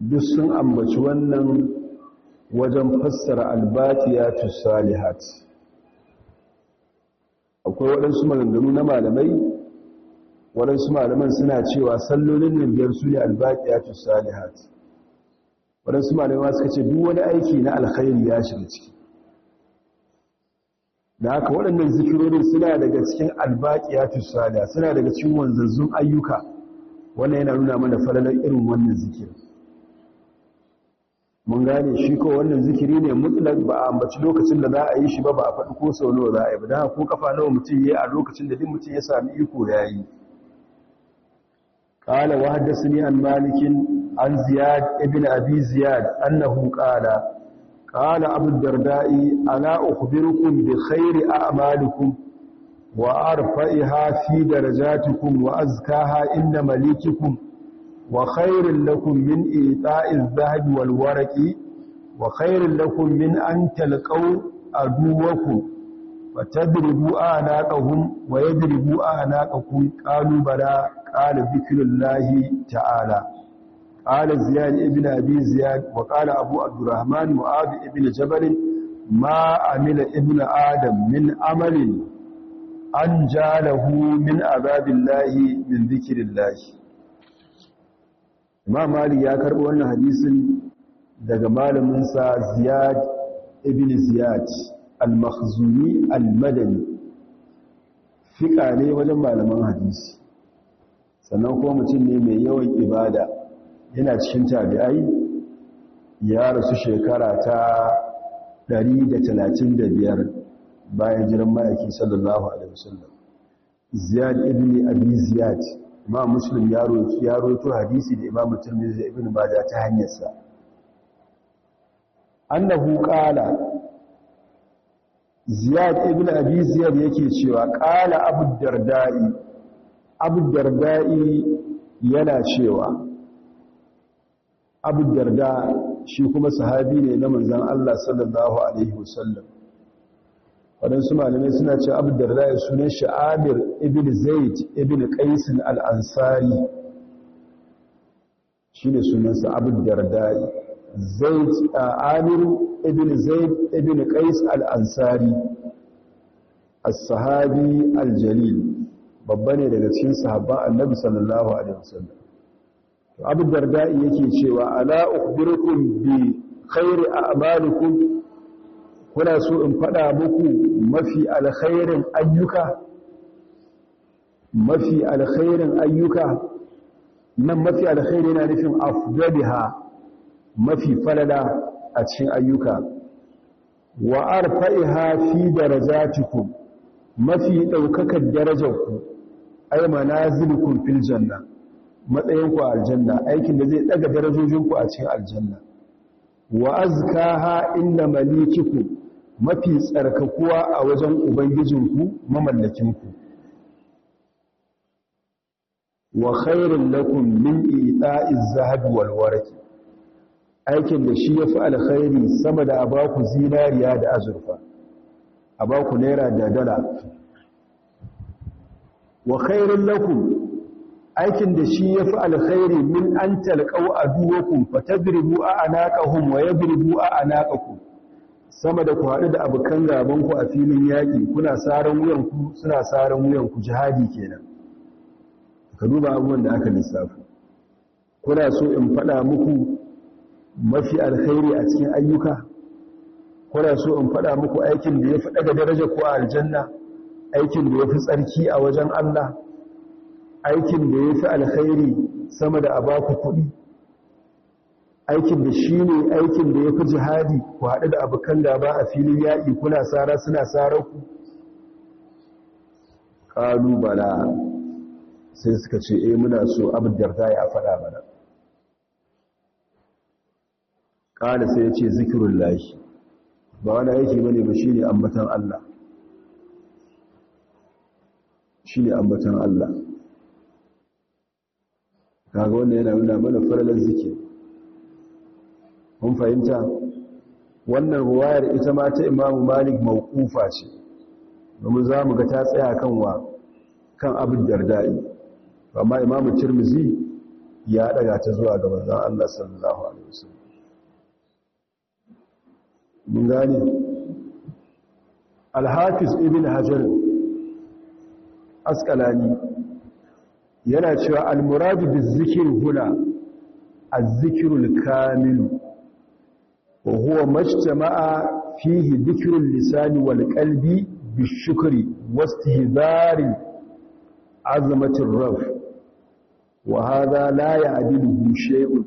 duk sun ambaci wannan wajen fassara tu salihat akwai waɗansu maganganu na malamai waɗansu malaman suna cewa sallolin nan biyar su ne tu salihat waɗansu malamai suka ce duk wani aiki na alkhairi ya shiga ciki da haka waɗannan zikirorin suna daga cikin albaqiyatu salihat suna daga cikin wanzanzun ayyuka wannan yana nuna mana falalar irin wannan zikirin mun gane shi ko wannan zikiri ne mutlak ba a ambaci lokacin da za a yi shi ba ba a faɗi ko sau nawa za a yi ba ko kafa nawa mutum ya a lokacin da duk mutum ya sami iko ya yi Ƙala wa haddathani an malikin an ziyad ibn abi ziyad annahu qala ƙala abu darda'i ala ukhbirukum bi khairi a'malikum wa arfa'iha fi darajatikum wa azkaha inda malikikum wa khairun lakum min ita'iz zahabi wal waraqi wa khairun min an talqaw aduwakum wa tadribu anaqahum wa yadribu anaqakum qalu bala qala zikrullahi ta'ala قال زياد ابن أبي زياد وقال أبو عبد الرحمن معاذ ابن جبل ما عمل ابن آدم من عمل أنجى له من عذاب الله من ذكر الله imam malik ya karɓi wannan hadisin daga malaminsa ziyad ibn ziyad al-makhzumi al-madani fiƙa ne wajen malaman hadisi sannan kuma mutum ne mai yawan ibada yana cikin tabi'ai ya rasu shekara ta 135 bayan jiran ma'aiki sallallahu alaihi wasallam ziyad ibn abi ziyad imam muslim ya roki ya roto hadisi da imam tirmidhi da ibn majah ta hanyar sa annahu qala ziyad ibn abi ziyad yake cewa qala abu darda'i abu darda'i yana cewa abu darda shi kuma sahabi ne na manzon Allah sallallahu alaihi wasallam waɗansu malamai suna ce abdar su ne sha'abir ibn zaid ibn qaisin al'ansari shi ne sunansa abdar da'i zaid Al-Amir, ibn zaid ibn qais al-Ansari, as-sahabi al-jalil babba ne daga cikin sahabban annabi sallallahu alaihi wasallam abdar da'i yake cewa ala ukhbirukum bi khairi a'malikum kuna so in faɗa muku mafi alkhairin ayyuka mafi alkhairin ayyuka nan mafi alkhairi yana nufin afdaliha mafi falala a cikin ayyuka wa arfa'iha fi darajatikum mafi daukakar darajarku ay manazilukum fil janna matsayinku a aljanna aikin da zai daga darajojinku a cikin aljanna wa azkaha inda malikikum mafi tsarkakuwa a wajen ubangijinku mamallakinku wa khairun lakum min ita'iz zahabi wal warqi aikin da shi yafi alkhairi sama da abaku zinariya da azurfa abaku naira da dala wa khairun lakum aikin da shi yafi alkhairi min an talqau aduwakum fatadribu a anaqahum wa yadribu a anaqakum sama da ku haɗu da abokan gabanku a filin yaƙi kuna saran wuyanku suna saran wuyanku jihadi kenan ka duba abubuwan da aka lissafi kuna so in faɗa muku mafi alkhairi a cikin ayyuka kuna so in faɗa muku aikin da ya fi ɗaga daraja ko a aljanna aikin da ya fi tsarki a wajen Allah aikin da ya fi alkhairi sama da a baku kuɗi aikin da shi ne aikin da ya fi jihadi ku haɗu da abokan gaba a filin yaƙi kuna tsara suna tsara ku ƙalubala sai suka ce e muna so abin da ta yi a faɗa mana Ƙanu sai ya ce zikirun lahi ba wani aiki ne ba shi ne ambatan Allah shi ne ambatan Allah kaga wanda yana nuna mana faralar zikir mun fahimta wannan ruwayar ita ma ta imamu malik mawqufa ce domin za mu ga ta tsaya kan wa kan abin dardai amma imamu tirmizi ya daga ta zuwa ga manzon Allah sallallahu alaihi wasallam mun gane al ibn hajar asqalani yana cewa al-murad bizikr huna az kamilu وهو ما اجتمع فيه ذكر اللسان والقلب بالشكر واستهبار عظمة الرف وهذا لا يعدله شيء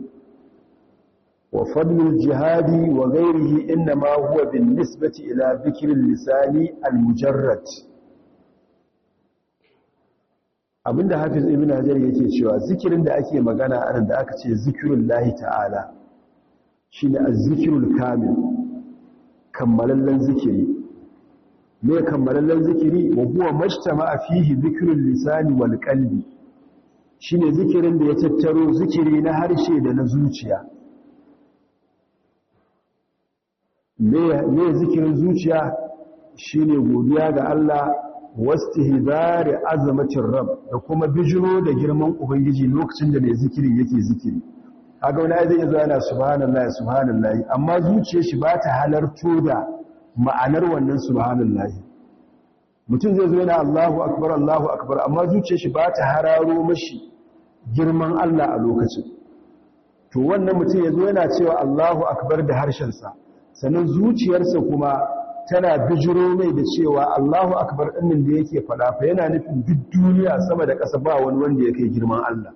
وفضل الجهاد وغيره إنما هو بالنسبة إلى ذكر اللسان المجرد abinda hafiz ibn hajar yake cewa zikirin da ake magana anan da aka ce zikirin lahi ta'ala shi ne a zikirul kamil kammalallen zikiri ne kammalallen zikiri wa huwa majtama a fihi zikirin lisani wal kalbi shi ne zikirin da ya tattaro zikiri na harshe da na zuciya me zikirin zuciya shi ne godiya ga Allah wasu hidari azamacin rab da kuma bijiro da girman ubangiji lokacin da mai zikirin yake zikiri haka wani zai zo yana subhanallahi subhanallahi amma zuciya shi ba ta halarto da ma'anar wannan subhanallahi mutum zai zo yana Allahu akbar Allahu akbar amma zuciya shi ba ta hararo mashi girman Allah a lokacin to wannan mutum ya zo yana cewa Allahu akbar da harshen sa sannan zuciyarsa kuma tana bijiro mai da cewa Allahu akbar ɗinnin da yake faɗa fa yana nufin duk duniya sama da ƙasa ba wani wanda ya kai girman Allah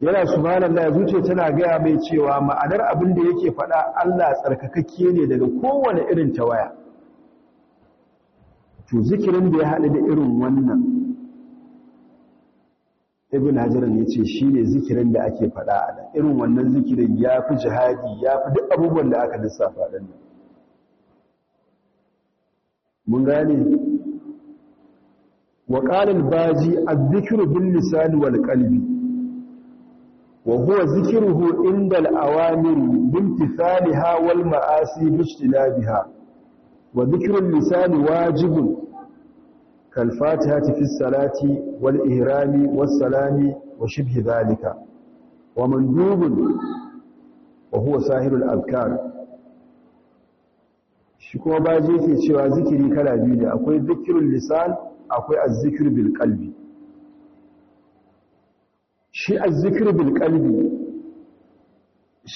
yana subhanallah zuciya tana gaya mai cewa ma'anar abin da yake faɗa Allah tsarkakakke ne daga kowane irin tawaya to zikirin da ya haɗu da irin wannan ibn hajaran ya ce shi ne zikirin da ake faɗa a nan irin wannan zikirin ya fi jihadi ya fi duk abubuwan da aka lissafa ɗan nan mun gane wa ƙalin baji a zikiru bin lisani wal ƙalbi wa huwa zikiruhu indal awamiri bimtithaliha wal ma'asi bijtinabiha wa dhikrul lisan wajibun kal fatihati fi salati wal ihrami was salami wa shibhi zalika. wa mandubun wa huwa sahirul azkar shi kuma baje yake cewa zikiri kala biyu ne akwai zikirul lisan akwai azzikir bil ƙalbi. shi azzikir bil qalbi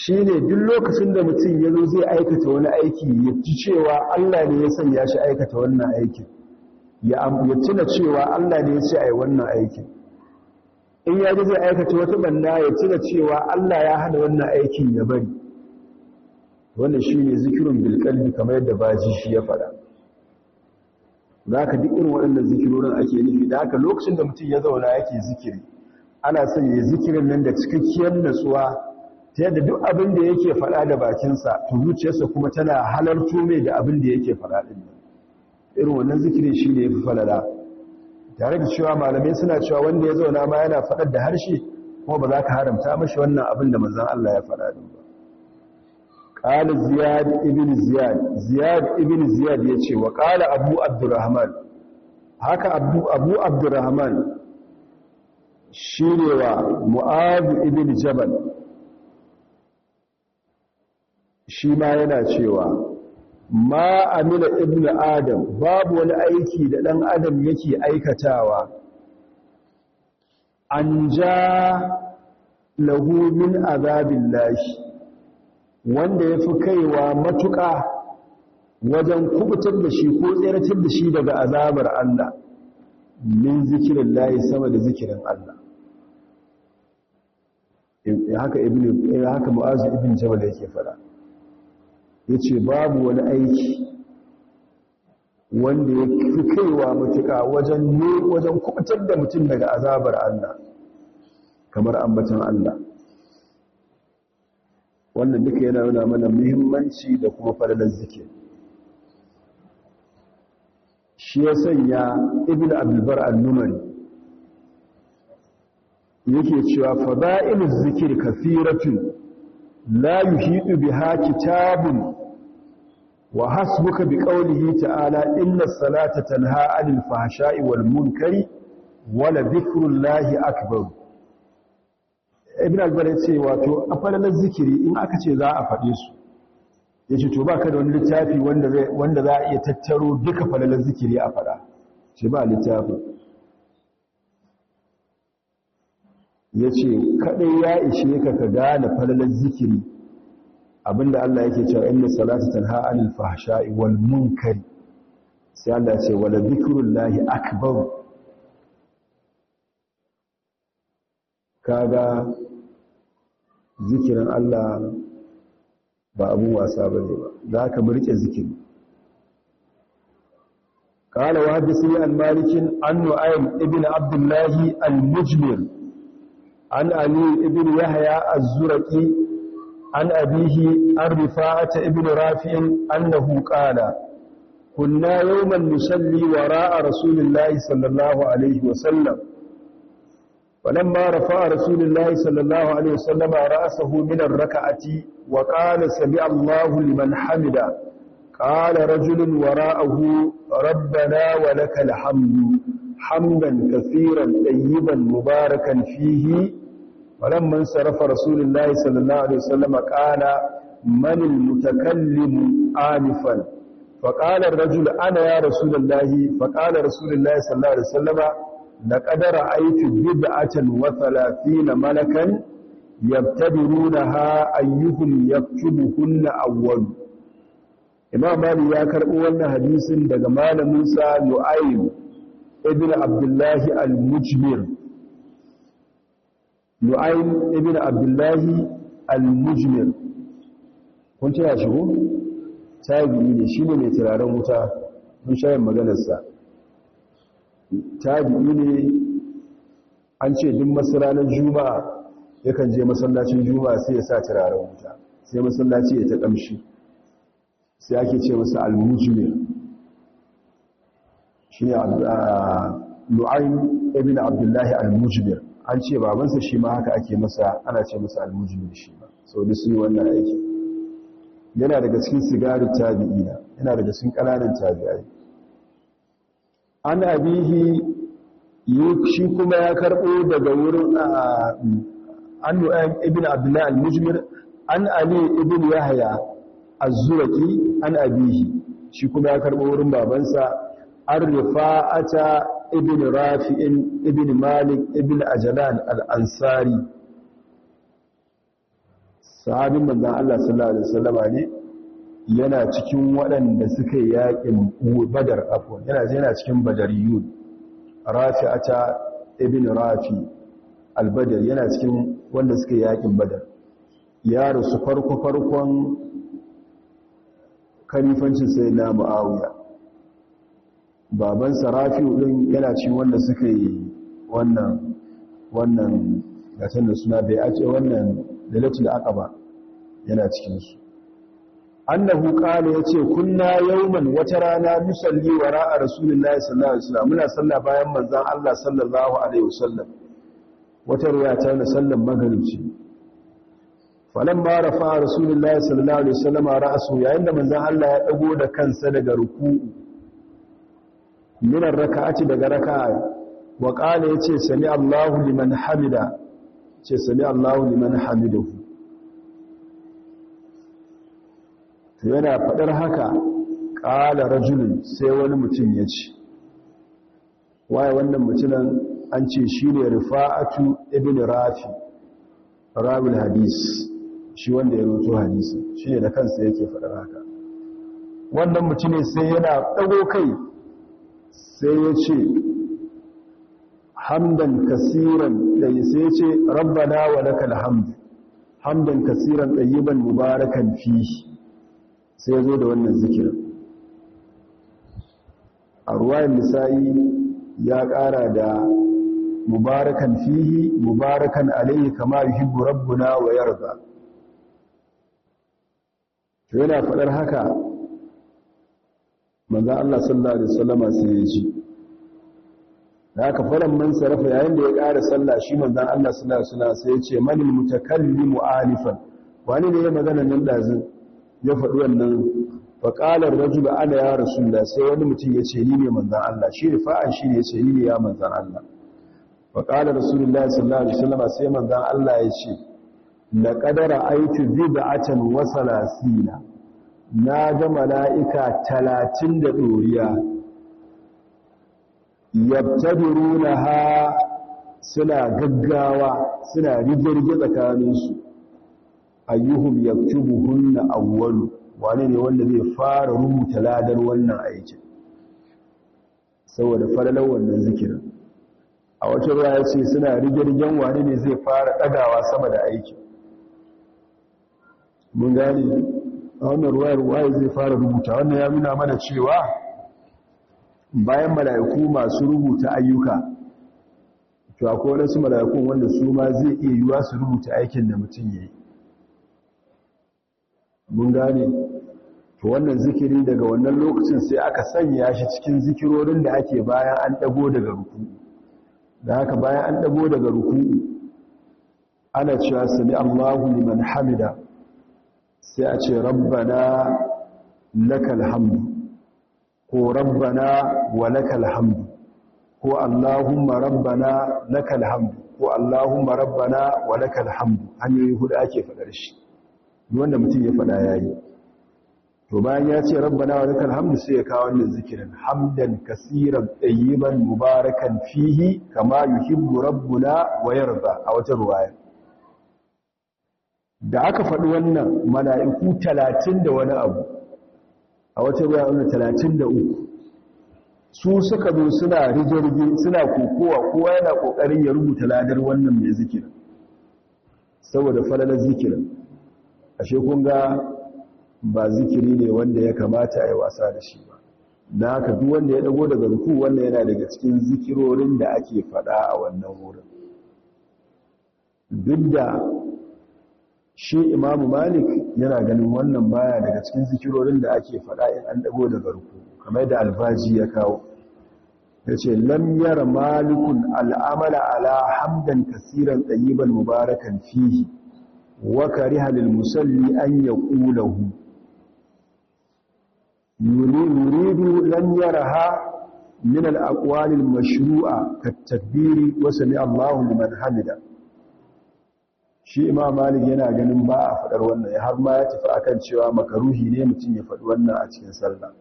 shine duk lokacin da mutum ya zo zai aikata wani aiki ya ci cewa Allah ne ya sanya shi aikata wannan aikin ya tuna cewa Allah ne ya ce ai wannan aikin in ya ji zai aikata wata banda ya tuna cewa Allah ya hada wannan aikin ya bari wannan shine ne bil qalbi kamar yadda baji shi ya faɗa zaka duk irin waɗannan zikirorin ake nufi da haka lokacin da mutum ya zauna yake zikiri ana son ya zikirin nan da cikakkiyar nutsuwa, ta yadda duk abin da yake faɗa da bakinsa to zuciyarsa kuma tana halarto mai da abin da yake faɗa ɗin nan irin wannan zikirin shi ne ya fi falala tare da cewa malamai suna cewa wanda ya zauna ma yana faɗar da harshe kuma ba za ka haramta mashi wannan abin da manzon Allah ya faɗa ɗin ba qala ziyad ibn ziyad ziyad ibn ziyad yace wa qala abu abdurrahman haka abu abu abdurrahman shi ne wa mu'adu ibn jabal shi ma yana cewa ma amina ibn adam babu wani aiki da ɗan adam yake aikatawa an ja lahu azabin lashi wanda ya fi kaiwa matuƙa wajen kubutar da shi ko tseratar da shi daga azabar Allah min zikirin layi sama da zikirin Allah Eh, haka ibn eh, haka mu'azu ibn jabal yake fara yace babu wani aiki wanda ya fi kaiwa mutuka wajen ne wajen kubutar da mutum daga azabar Allah kamar ambatan Allah wannan duka yana nuna mana muhimmanci da kuma falalar zikir shi ya sanya ibn abdulbar al yake cewa fada'ilu zikir kafiratun la yuhidu biha kitabun wa hasbuka bi qawlihi ta'ala inna salata tanha 'anil fahsha'i wal munkari wa la dhikrullahi akbar ibn al-bar yace wato afalan zikiri in aka ce za a fade su yace to baka da wani littafi wanda wanda za a iya tattaro duka falalan zikiri a fada ce ba littafin ya ce kaɗai ya ishe ka ka gane falalar zikiri abinda Allah yake cewa inda salatu tanha anil fahsha'i wal munkari sai Allah ce wala zikrullahi akbar kaga zikirin Allah ba abu wasa bane ba za ka zikiri قال وحدثني عن مالك عن نعيم ابن عبد الله an aliyu ibn yahya az-zurqi an abihi an rifa'ata ibn rafi'in annahu qala kunna yawman nusalli a rasulillahi sallallahu alaihi wa sallam فلما رفع رسول الله صلى الله عليه وسلم رأسه من الركعة وقال سمع الله لمن حمده قال رجل وراءه ربنا ولك الحمد حمدا كثيرا طيبا مباركا فيه wannan man sarafa rasulullahi sallallahu alaihi wasallam kana man mutakallim alifan fa qala ar-rajul ana ya rasulullahi fa qala rasulullahi sallallahu alaihi wasallam laqad ra'aytu bid'atan wa thalathin malakan yabtadirunaha ayyuhum yaktubuhunna awwal imam mali ya karɓi wannan hadisin daga malamin sa lu'aym ibn Abdullahi al-mujbir lu'ayn ibn abdullahi al-mujmir kun tana shigo Ta tabi'i ne shi ne mai turaren wuta mun shayin maganarsa Ta tabi'i ne an ce duk masaranar juma'a yakan je masallacin juma'a sai ya sa turaren wuta sai masallaci ya ta ƙamshi sai ake ce masa al-mujmir a ah, ibn abdullahi al-mujmir an ce babansa shi ma haka ake masa ana ce masa almujmin shi ma so da su wannan aiki yana daga cikin sigarin tabi'ina yana daga cikin ƙananan tabi'ai an abihi shi kuma ya karɓo daga wurin an nu'ayin ibn abdullahi al-mujmir an ali ibn yahya az-zuraki an abihi shi kuma ya karɓo wurin babansa an rifa'ata ibn rafi'in ibn malik ibn ajalan al-ansari sahabin manzon Allah sallallahu alaihi wasallama ne yana cikin waɗanda suka yaƙin badar afwa yana yana cikin badariyun rafi'ata ibn rafi al yana cikin wanda suka yaƙin badar ya rasu farko farkon kalifancin sai na mu'awiya baban sarafi din yana ci wanda suka yi wannan wannan gatan da suna bai ake wannan da dalatul aqaba yana cikin su annahu qala yace kunna yawman wata rana musalli wara rasulullahi sallallahu alaihi wasallam muna sallah bayan manzon Allah sallallahu alaihi wasallam wata riwaya ta na sallan magribi falamma rafa rasulullahi sallallahu alaihi wasallam ra'su yayin da manzon Allah ya dago da kansa daga ruku'u minar raka'ati daga raka'a wa qala yace sami Allahu liman hamida ce sami Allahu liman hamidahu yana fadar haka qala rajulun sai wani mutum ya ce waye wannan mutumin an ce shine rifa'atu ibn rafi rawil hadis shi wanda ya roto hadisi shine da kansa yake fadar haka wannan mutumin sai yana dago kai sai ya ce hamdan kasiran ɗaya sai ya ce rabbana wa lakal hamd hamdan kasiran ɗayyiban mubarakan fi sai ya zo da wannan zikirin a ruwayin misali ya ƙara da mubarakan fihi mubarakan alayhi kama yuhibbu rabbuna wa yarda yana faɗar haka manzan Allah sallallahu alaihi wasallama sai ya ji da aka faran man sarrafa yayin da ya ƙara sallah shi manzan Allah sallallahu alaihi wasallama sai ya ce man mutakallimu mu'alifan. wani ne ya magana nan dazin ya faɗi wannan fa qala ar-rajulu ana ya rasulullah sai wani mutum ya ce ni ne manzan Allah shi ne rifa'an shi ne ya ce ni ne ya manzan Allah fa qala rasulullah sallallahu alaihi wasallama sai manzan Allah ya ce Na la qadara aitu bid'atan wa lasina. na ga mala'ika talatin da ɗoriya yabtadiruna ha suna gaggawa suna rigirgi tsakaninsu ayyuhum yaktubuhunna awwalu wani ne wanda zai fara rubuta ladar wannan aikin saboda falalar wannan zikirin a wata ruwa ya ce suna rigirgen Wani ne zai fara ɗagawa sama da aikin mun gane a wannan ruwayar waye zai fara rubuta wannan ya nuna mana cewa bayan mala'iku masu rubuta ayyuka to akwai wasu mala'iku wanda su ma zai iya yiwa su rubuta aikin da mutum ya yi mun gane to wannan zikiri daga wannan lokacin sai aka sanya shi cikin zikirorin da ake bayan an dago daga ruku da haka bayan an dago daga ruku ana cewa sami Allahu liman hamida sai a ce rabbana lakal hamdu ko rabbana wa lakal hamdu ko allahumma rabbana lakal hamdu ko allahumma rabbana wa lakal hamdu hanyoyi hudu ake fadar shi wanda mutum ya fada yayi to bayan ya ce rabbana wa lakal hamdu sai ya kawo wannan zikirin hamdan kaseeran tayyiban mubarakan fihi kama yuhibbu rabbuna wa yarda a wata ruwaya da aka faɗi wannan mala'iku talatin da wani abu a wata ruwa wani talatin da uku su suka zo suna rigirgi suna kokowa kowa yana ƙoƙarin ya rubuta ladar wannan mai zikirin saboda falalar zikirin ashe kun ga ba zikiri ne wanda ya kamata a yi wasa da shi ba na haka duk wanda ya dago daga ruku wannan yana daga cikin zikirorin da ake faɗa a wannan wurin duk da shi imamu malik yana ganin wannan baya daga cikin zikirorin da ake faɗa in an dago da garku kamar da alfaji ya kawo ya ce lamyar malikun al'amala ala hamdan kasiran ɗayiban mubarakan fihi wa musalli an ya ƙulahu yuridu lam ha minal al'aƙwalin mashru'a ka tabbiri wasu ne allahu manhamida shi imam malik yana ganin ba a faɗar wannan har ma ya tafi akan cewa makaruhi ne mutum ya faɗi wannan a cikin sallah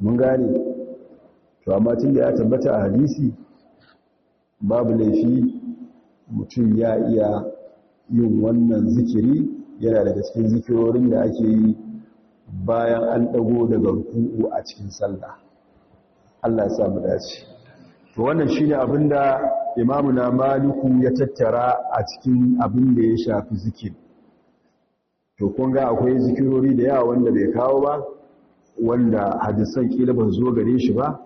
mun gane to amma tun da ya tabbata a hadisi babu laifi mutum ya iya yin wannan zikiri yana daga cikin zikirorin da ake yi bayan an ɗago daga ruku'u a cikin sallah Allah ya sa mu dace to wannan shine abinda imamu na maliku ya tattara a cikin abin da ya shafi zikir to kunga akwai zikirori da yawa wanda bai kawo ba wanda hadisan kila ba zo gare shi ba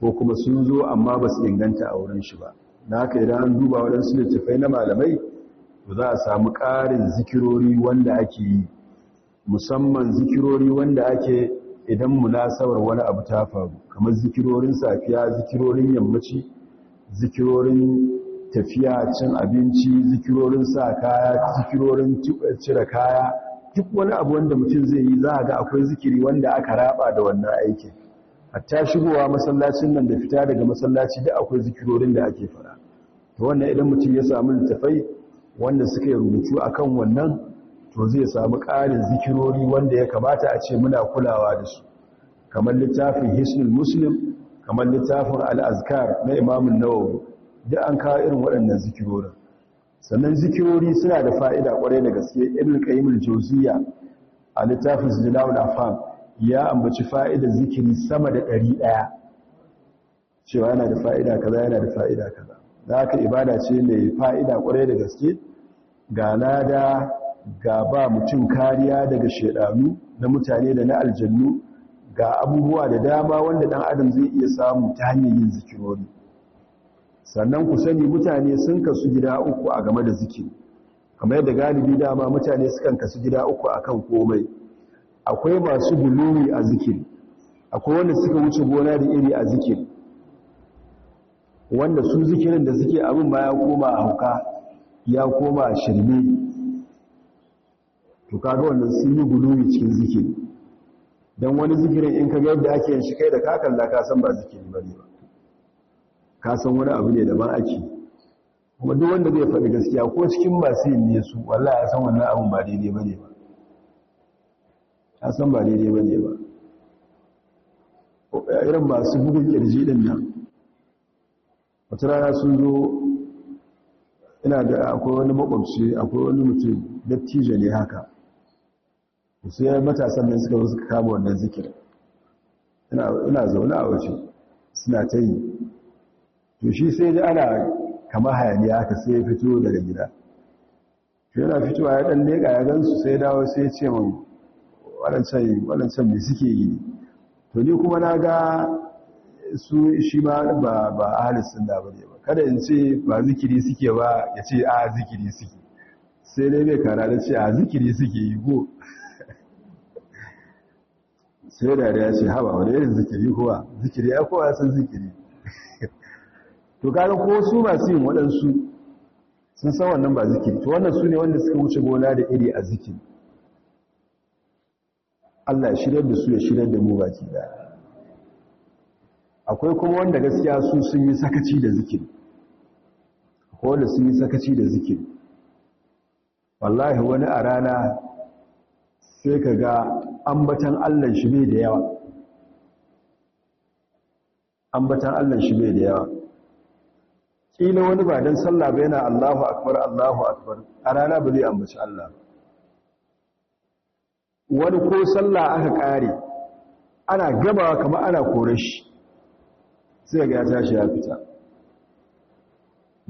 ko kuma sun zo amma ba su inganta a wurin shi ba na haka idan an duba waɗansu littattafai na malamai to za a samu ƙarin zikirori wanda ake yi musamman zikirori wanda ake idan munasabar wani abu ta faru kamar zikirorin safiya zikirorin yammaci zikirorin tafiya cin abinci zikirorin sa kaya zikirorin cire kaya duk wani abu wanda mutum zai yi za a ga akwai zikiri wanda aka raba da wannan aikin hatta shigowa masallacin nan da fita daga masallaci da akwai zikirorin da ake fara to wannan idan mutum ya samu littafai wanda suka yi rubutu akan wannan to zai samu ƙarin zikirori wanda ya kamata a ce muna kulawa da su kamar littafin hisnul muslim kamar littafin al'azkar na imamun nawawu da an kawo irin waɗannan zikirorin sannan zikirori suna da fa'ida ƙwarai da gaske irin ƙaimul josiya a littafin sujilawun afam ya ambaci fa'ida zikiri sama da ɗari ɗaya cewa yana da fa'ida kaza yana da fa'ida kaza da aka ibada ce mai fa'ida ƙwarai da gaske ga lada ga ba mutum kariya daga shaidanu na mutane da na aljannu ga abubuwa da dama wanda dan adam zai iya samu ta hanyar yin zikirori sannan ku sani mutane sun kasu gida uku a game da zikiri kamar yadda galibi dama mutane sukan kasu gida uku akan komai akwai masu gulumi a zikiri akwai wanda suka wuce gona da iri a zikiri wanda su zikirin da suke abin ba ya koma a hauka ya koma a shirme to kaga wannan sun yi gulumi cikin zikiri don wani zikirin in ka ga yadda ake yin shi kai da ka kalla ka san ba zikiri ba ne ka san wani abu ne da ba ake kuma duk wanda zai faɗi gaskiya ko cikin masu yin ne su wallahi ya san wannan abun ba daidai ba ne ba ya san ba daidai ba ne ba irin masu bugun kirji din nan wata rana sun zo ina da akwai wani makwabci akwai wani mutum dattijo ne haka su ya matasan da suka wasu kama wannan zikir ina zaune a waje suna ta yi to shi sai da ana kama hayaniya aka sai ya fito daga gida shi yana fitowa ya ɗan leƙa ya gansu sai dawo sai ce min waɗancan mai suke yi to ni kuma na ga su shi ma ba ba ahalisun da ne ba kada in ce ba zikiri suke ba ya ce a zikiri suke sai dai mai kara da ce a zikiri suke yi ko sai da ya ce haba wani irin zikiri kowa zikiri ya kowa sun zikiri to kaga ko su masu yin waɗansu sun san wannan ba zikiri to wannan su ne wanda suka wuce gona da iri a zikiri Allah ya shirar da su ya shirar da mu baki da akwai kuma wanda gaskiya su sun yi sakaci da zikiri ko wanda sun yi sakaci da zikiri wallahi wani a rana sai ka ga ambatan allah shi bai da yawa ambatan allah shi mai da yawa ƙila wani ba don sallah ba yana allahu akbar allahu akbar a rana ba zai ambaci allah wani ko sallah aka ƙare ana gabawa kamar ana kore shi sai ga ya tashi ya fita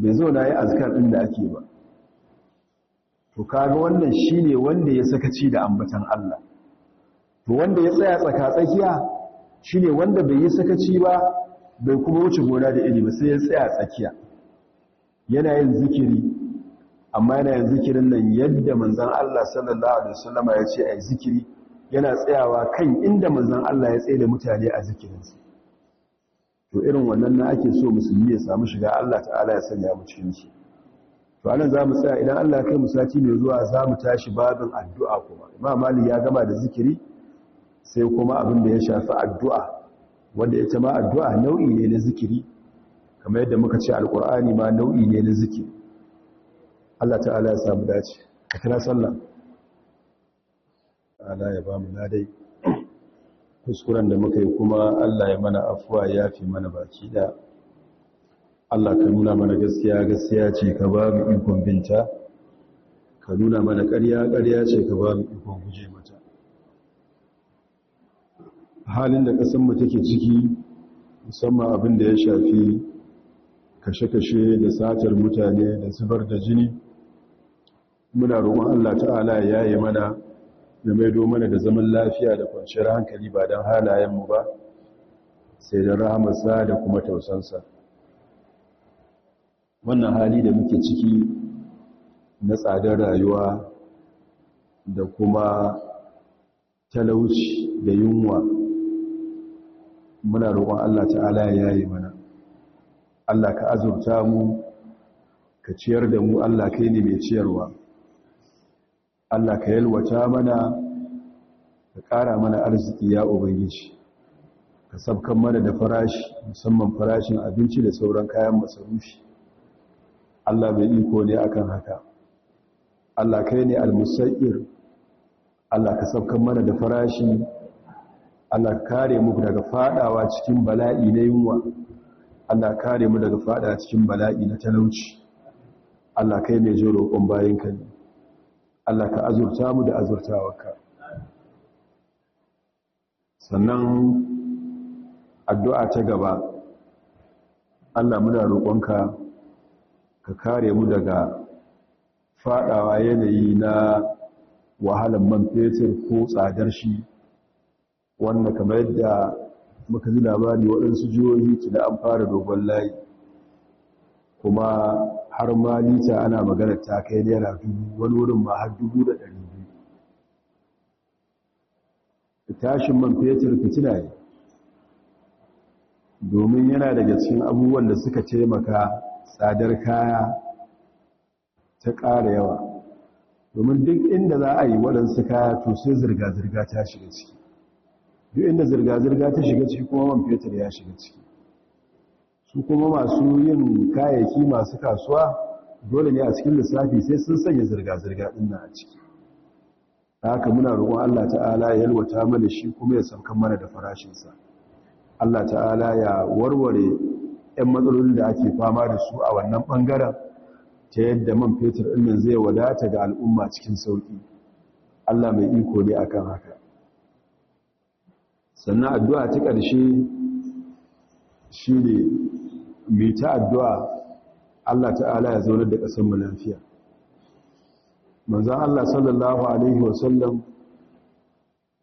bai zo na yi azkar ɗin da ake ba to kaga wannan shine wanda ya sakaci da ambatan Allah to wanda ya tsaya tsaka tsakiya shine wanda bai yi sakaci ba bai kuma wuce gona da iri ba sai ya tsaya tsakiya yana yin zikiri amma yana yin zikirin nan yadda manzon Allah sallallahu alaihi wasallam ya ce ai zikiri yana tsayawa kan inda manzon Allah ya tsaye da mutane a zikirin sa to irin wannan na ake so musulmi ya samu shiga Allah ta'ala ya sanya mu cikin shi to za mu tsaya idan Allah ya kai mu sati mai zuwa za mu tashi babin addu'a kuma imam Mali ya gama da zikiri sai kuma abin da ya shafi addu'a wanda ya ce ma addu'a nau'i ne na zikiri kamar yadda muka ce alkur'ani ma nau'i ne na zikiri Allah ta'ala ya samu dace ka kira sallah ta'ala ya ba mu dai kuskuren da muka yi kuma Allah ya mana afuwa ya fi mana baki da Allah ka nuna mana gaskiya gaskiya ce ka ba mu ikon binta ka nuna mana ƙarya ƙarya ce ka ba mu ikon guje mata halin da mu take ciki musamman abin da ya shafi kashe-kashe da satar mutane da zubar da jini muna roƙon Allah ta'ala ya yi mana ya maido mana da zaman lafiya da kwanciyar hankali ba don halayenmu ba sai da rahamarsa da kuma tausansa wannan hali da muke ciki na tsadar rayuwa da kuma talauci da yunwa muna roƙon Allah ta'ala ya yaye mana Allah ka azurta mu ka ciyar da mu Allah kai ne mai ciyarwa Allah ka yalwata mana ka ƙara mana arziki ya ubangiji ka sabkan mana da farashi musamman farashin abinci da sauran kayan masarufi Allah mai iko ne akan haka Allah kai ne al-musayir Allah ka saukan mana da farashi Allah kare mu daga fadawa cikin bala'i na yunwa Allah kare mu daga fadawa cikin bala'i na talauci Allah kai ne jin roƙon ka ne Allah ka azurta mu da azurtawarka sannan addu'a ta gaba Allah muna roƙonka ka kare mu daga fadawa yanayi na wahalar man fetur ko tsadar shi wanda kamar yadda muka ji labari waɗansu jihohi ci da an fara dogon layi kuma har ma lita ana magana ta kai naira dubu wani wurin ma har dubu da ɗari biyu tashin man fetur fitina ne domin yana daga cikin abubuwan da suka taimaka tsadar kaya ta ƙara yawa domin duk inda za a yi waɗansu kaya to sai zirga-zirga ta shiga ciki duk inda zirga-zirga ta shiga ciki kuma man fetur ya shiga ciki su kuma masu yin kayayyaki masu kasuwa dole ne a cikin lissafi sai sun sanya zirga-zirga ɗin a ciki haka muna roƙon Allah ta'ala ya yalwata mana shi kuma ya sauka mana da farashinsa Allah ta'ala ya warware 'yan matsalolin da ake fama da su a wannan ɓangaren ta yadda man fetur ɗinnan zai wadata ga al'umma cikin sauƙi allah mai iko ne a kan haka sannan addu'a ta ƙarshe shi ne mai ta addu'a allah ta'ala ya zaunar da ƙasar mu lafiya manzan allah sallallahu alaihi wasallam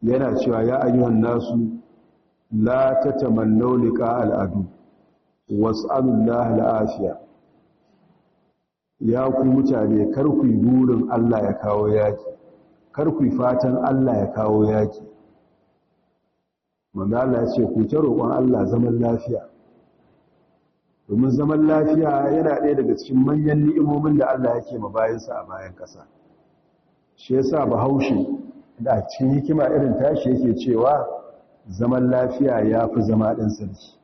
yana cewa ya ayyuhan nasu la ta tamannau liƙa al'adu was'alullahi la'afiya. ya ku mutane kar ku burin Allah ya kawo yaki kar ku fatan Allah ya kawo yaki manzo ya ce ku ta roƙon Allah zaman lafiya domin zaman lafiya yana ɗaya daga cikin manyan ni'imomin da Allah yake ma bayansa a bayan ƙasa shi yasa bahaushe da cikin hikima irin tashi yake cewa zaman lafiya ya fi zama ɗin sarki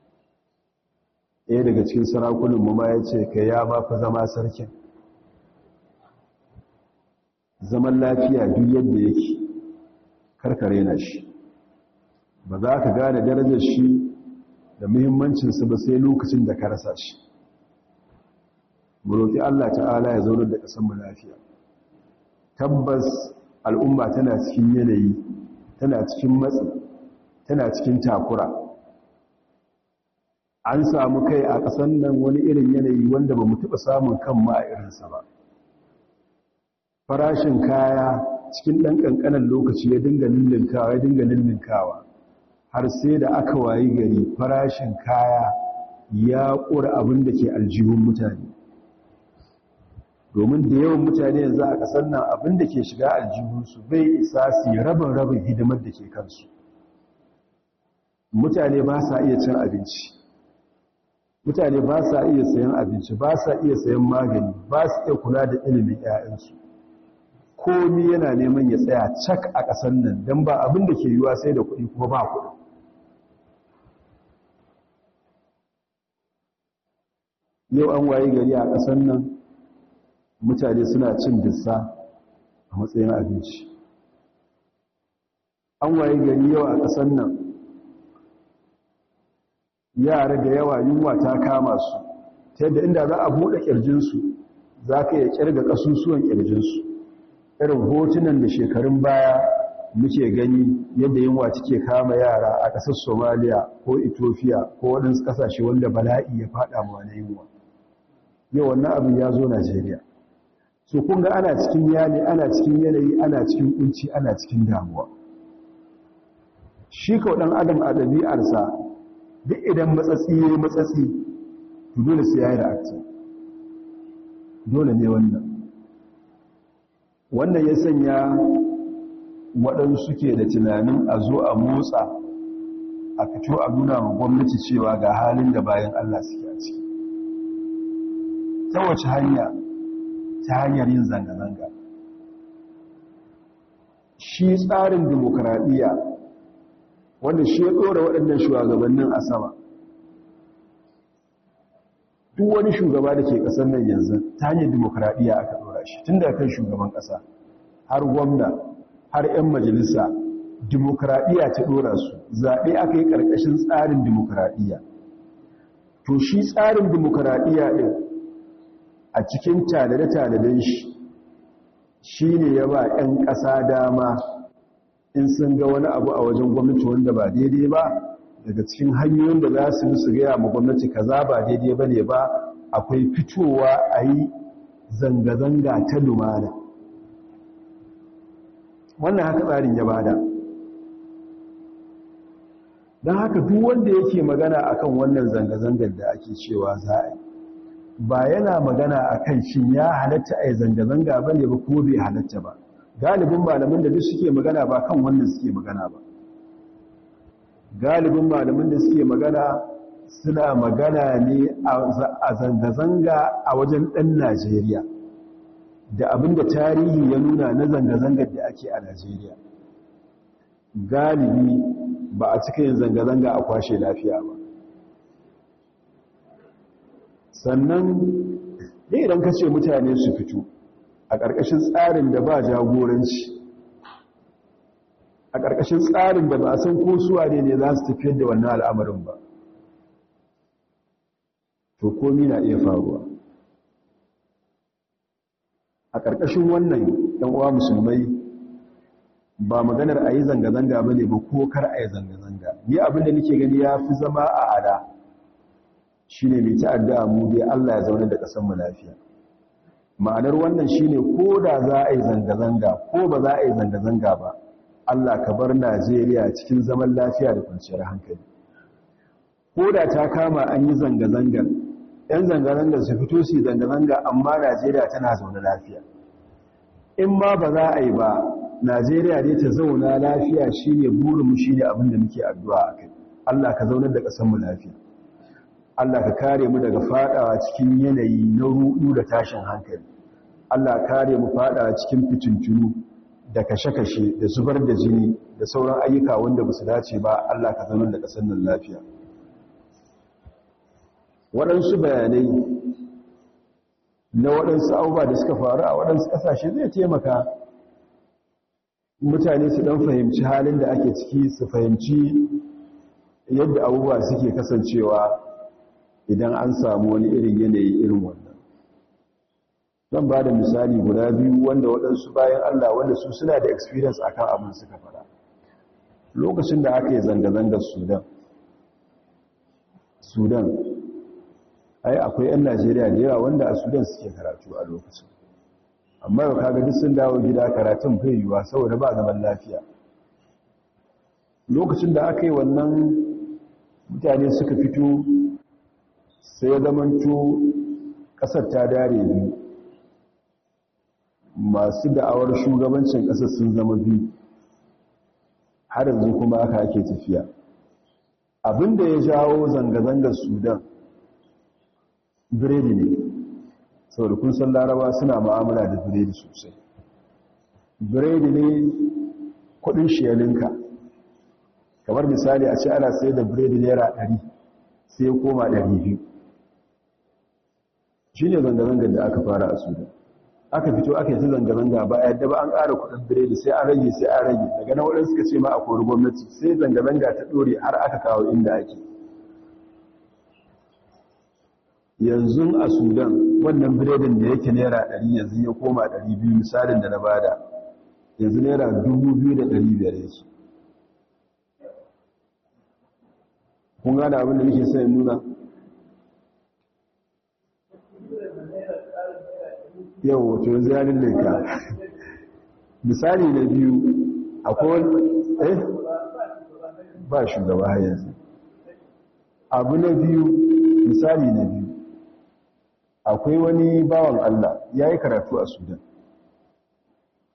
ɗaya daga cikin sarakunan mu ma ya ce ka ya ba fa zama sarkin zaman lafiya duk yadda yake karkare na shi ba za ka gane darajar shi da muhimmancinsa ba sai lokacin da ka rasa shi mu roƙi Allah ta'ala ya zaunar da ƙasar mu lafiya tabbas al'umma tana cikin yanayi tana cikin matsi tana cikin takura an samu kai a ƙasan nan wani irin yanayi wanda ba mu taɓa samun kan ma a irinsa ba farashin kaya cikin ɗan ƙanƙanan lokaci ya dinga lullunkawa ya dinga lullunkawa har sai da aka wayi gari farashin kaya ya ƙura abin da ke aljihun mutane domin da yawan mutane yanzu a ƙasar nan abin da ke shiga aljihunsu bai isa su yi rabin rabin hidimar da ke kansu mutane ba sa iya cin abinci mutane ba sa iya sayan abinci ba sa iya sayan magani ba su iya kula da ilimin 'ya'yansu komi yana neman ya tsaya cak a ƙasan nan don ba abin da ke yiwuwa sai da kuɗi kuma ba kuɗi yau an waye gari a ƙasan nan mutane suna cin dissa a matsayin abinci an waye gari yau a ƙasan nan yara da yawa yunwa ta kama su ta da inda za a buɗe ƙirjinsu za ka iya ƙirga ƙasusuwan ƙirjinsu irin hotunan da shekarun baya muke gani yadda yunwa take kama yara a ƙasar somaliya ko ethiopia ko waɗansu ƙasashe wanda bala'i ya faɗa ma na yunwa yau wannan abin ya zo najeriya so kun ga ana cikin yali ana cikin yanayi ana cikin kunci ana cikin damuwa shi kawai ɗan adam a ɗabi'arsa duk idan matsatsi ya yi matsatsi to dole su ya yi ra'akci dole ne wannan wannan ya sanya waɗansu ke da tunanin a zo a motsa a fito a nuna wa gwamnati cewa ga halin da bayan allah suke a ciki ta wace hanya ta hanyar yin zanga-zanga shi tsarin demokradiyya wanda shi ya ɗora waɗannan shugabannin a sama duk wani shugaba da ke ƙasar nan yanzu ta hanyar dimokuraɗiyya aka ɗora shi tun da kan shugaban ƙasa har gwamna har 'yan majalisa dimokuraɗiyya ta ɗora su zaɓe aka yi ƙarƙashin tsarin dimokuraɗiyya to shi tsarin dimokuraɗiyya ɗin a cikin tadade-tadaden shi shi ne ya ba 'yan ƙasa dama in sun ga wani abu a wajen gwamnati wanda ba daidai ba daga cikin hanyoyin da za su su gaya ma gwamnati kaza ba daidai ba ne ba akwai fitowa a yi zanga-zanga ta lumana wannan haka tsarin ya bada don haka duk wanda yake magana akan wannan zanga-zangar da ake cewa za a yi ba yana magana akan shi ya halatta a yi zanga-zanga ba ne ba ko bai halatta ba galibin malamin da duk suke magana ba kan wannan suke magana ba galibin malamin da suke magana suna magana ne a zanga-zanga a wajen ɗan najeriya da abin da tarihi ya nuna na zanga-zangar da ake a najeriya galibi ba a cika yin zanga-zanga a kwashe lafiya ba sannan ne idan ka ce mutane su fito a ƙarƙashin tsarin da ba jagoranci a ƙarƙashin tsarin da ba a san ko ne ne za su tafiyar da wannan al'amarin ba to komi na iya faruwa a ƙarƙashin wannan uwa musulmai ba maganar a yi zanga-zanga ba ne ba ko kar a yi zanga-zanga ni abinda nake gani ya fi zama a ada shi ne mai ta'adda mu dai allah ya zaune da ƙasar mu lafiya ma'anar wannan shine ko da za a yi zanga-zanga ko ba za a yi zanga-zanga ba Allah ka bar Najeriya cikin zaman lafiya da kwanciyar hankali ko da ta kama an yi zanga-zangar yan zanga-zangar su fito su yi zanga-zanga amma Najeriya tana zaune lafiya in ma ba za a yi ba Najeriya dai ta zauna lafiya shine burin shine abin da muke addu'a akai Allah ka zaunar da ƙasar mu lafiya Allah ka kare mu daga fadawa cikin yanayi na ruɗu da tashin hankali Allah kare mu fada cikin fitintunu da kashe-kashe da zubar da jini da sauran ayyuka wanda ba su dace ba Allah ka zama da ƙasar nan lafiya waɗansu bayanai na waɗansu abubuwa da suka faru a waɗansu ƙasashe zai taimaka mutane su ɗan fahimci halin da ake ciki su fahimci yadda abubuwa suke kasancewa idan an samu wani irin yanayi irin wani zan ba da misali guda biyu wanda waɗansu bayan Allah wanda su suna da experience a kan abin suka fara lokacin da aka yi zanga-zangar sudan sudan ai akwai 'yan najeriya da yawa wanda a sudan suke karatu a lokacin amma yau kaga duk sun dawo gida karatun fai yiwuwa saboda ba zaman lafiya lokacin da aka yi wannan mutane suka fito sai zamanto ƙasar ta dare biyu masu da'awar shugabancin ƙasar sun zama biyu har yanzu kuma aka ake tafiya abinda ya jawo zanga-zangar sudan biredi ne saboda kun san laraba suna ma'amala da biredi sosai biredi ne kudin shiyalinka kamar misali a ce ana sai da biredi naira 100 sai ya koma 200 shi ne zanga-zangar da aka fara a sudan aka fito aka yi zanga-zanga ba a yadda ba an ƙara kuɗin biredi sai an rage sai an rage daga nan waɗansu suka ce ma a kori gwamnati sai zanga-zanga ta ɗore har aka kawo inda ake yanzu a sudan wannan biredin da yake naira ɗari yanzu ya koma ɗari biyu misalin da na bada yanzu naira dubu biyu da ɗari biyar yanzu kun gane abin da nake son nuna yau wato ziyarin laika misali na biyu akwai eh ba shugaba yanzu abu na biyu misali na biyu akwai wani bawan Allah ya yi karatu a sudan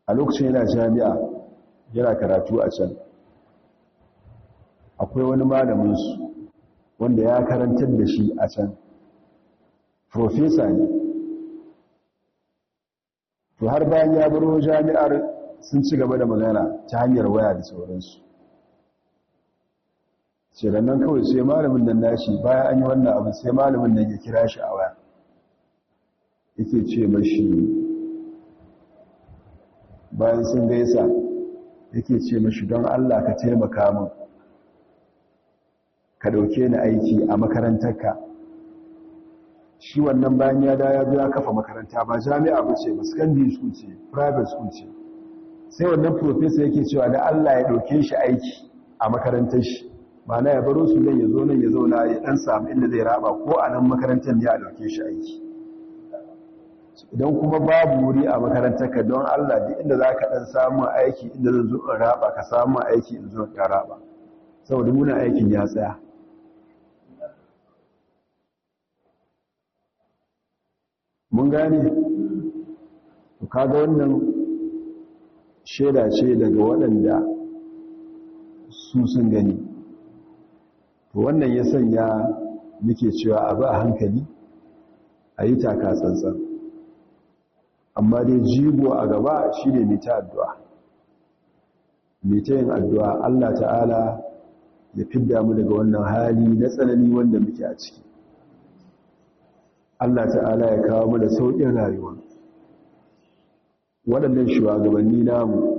a lokacin yana jami'a yana karatu a can akwai wani malaminsu wanda ya karantar da shi a can profesa ne to har bayan ya baro jami'ar sun ci gaba da magana ta hanyar waya da sauransu shirin nan kawai sai malamin nan nashi bayan an yi wannan abin sai malamin nan ya kira shi a waya yake ce mashi bayan sun gaisa yake ce mashi don Allah ka taimaka mun ka dauke ni aiki a makarantarka shi wannan bayan ya daya ya biya kafa makaranta ba jami'a ba ce ba su school ce private school ce sai wannan professor yake cewa da Allah ya dauke shi aiki a makarantar shi na ya baro su nan ya zo nan ya zauna ya dan samu inda zai raba ko a nan makarantar ne a dauke shi aiki idan kuma babu wuri a makarantar ka don Allah duk inda za ka dan samu aiki inda zai zo in raba ka samu aiki in zo ka raba saboda muna aikin ya tsaya mun gane kaga wannan shaida ce daga waɗanda su sun gani wannan ya sanya muke cewa abu a hankali a yi taka tsantsan amma dai jigo a gaba shi ne mita addu'a ta yin addu'a allah ta'ala ya fidda mu daga wannan hali na tsanani wanda muke a ciki Allah ta'ala ya kawo mana sauƙin rayuwa waɗannan shugabanni namu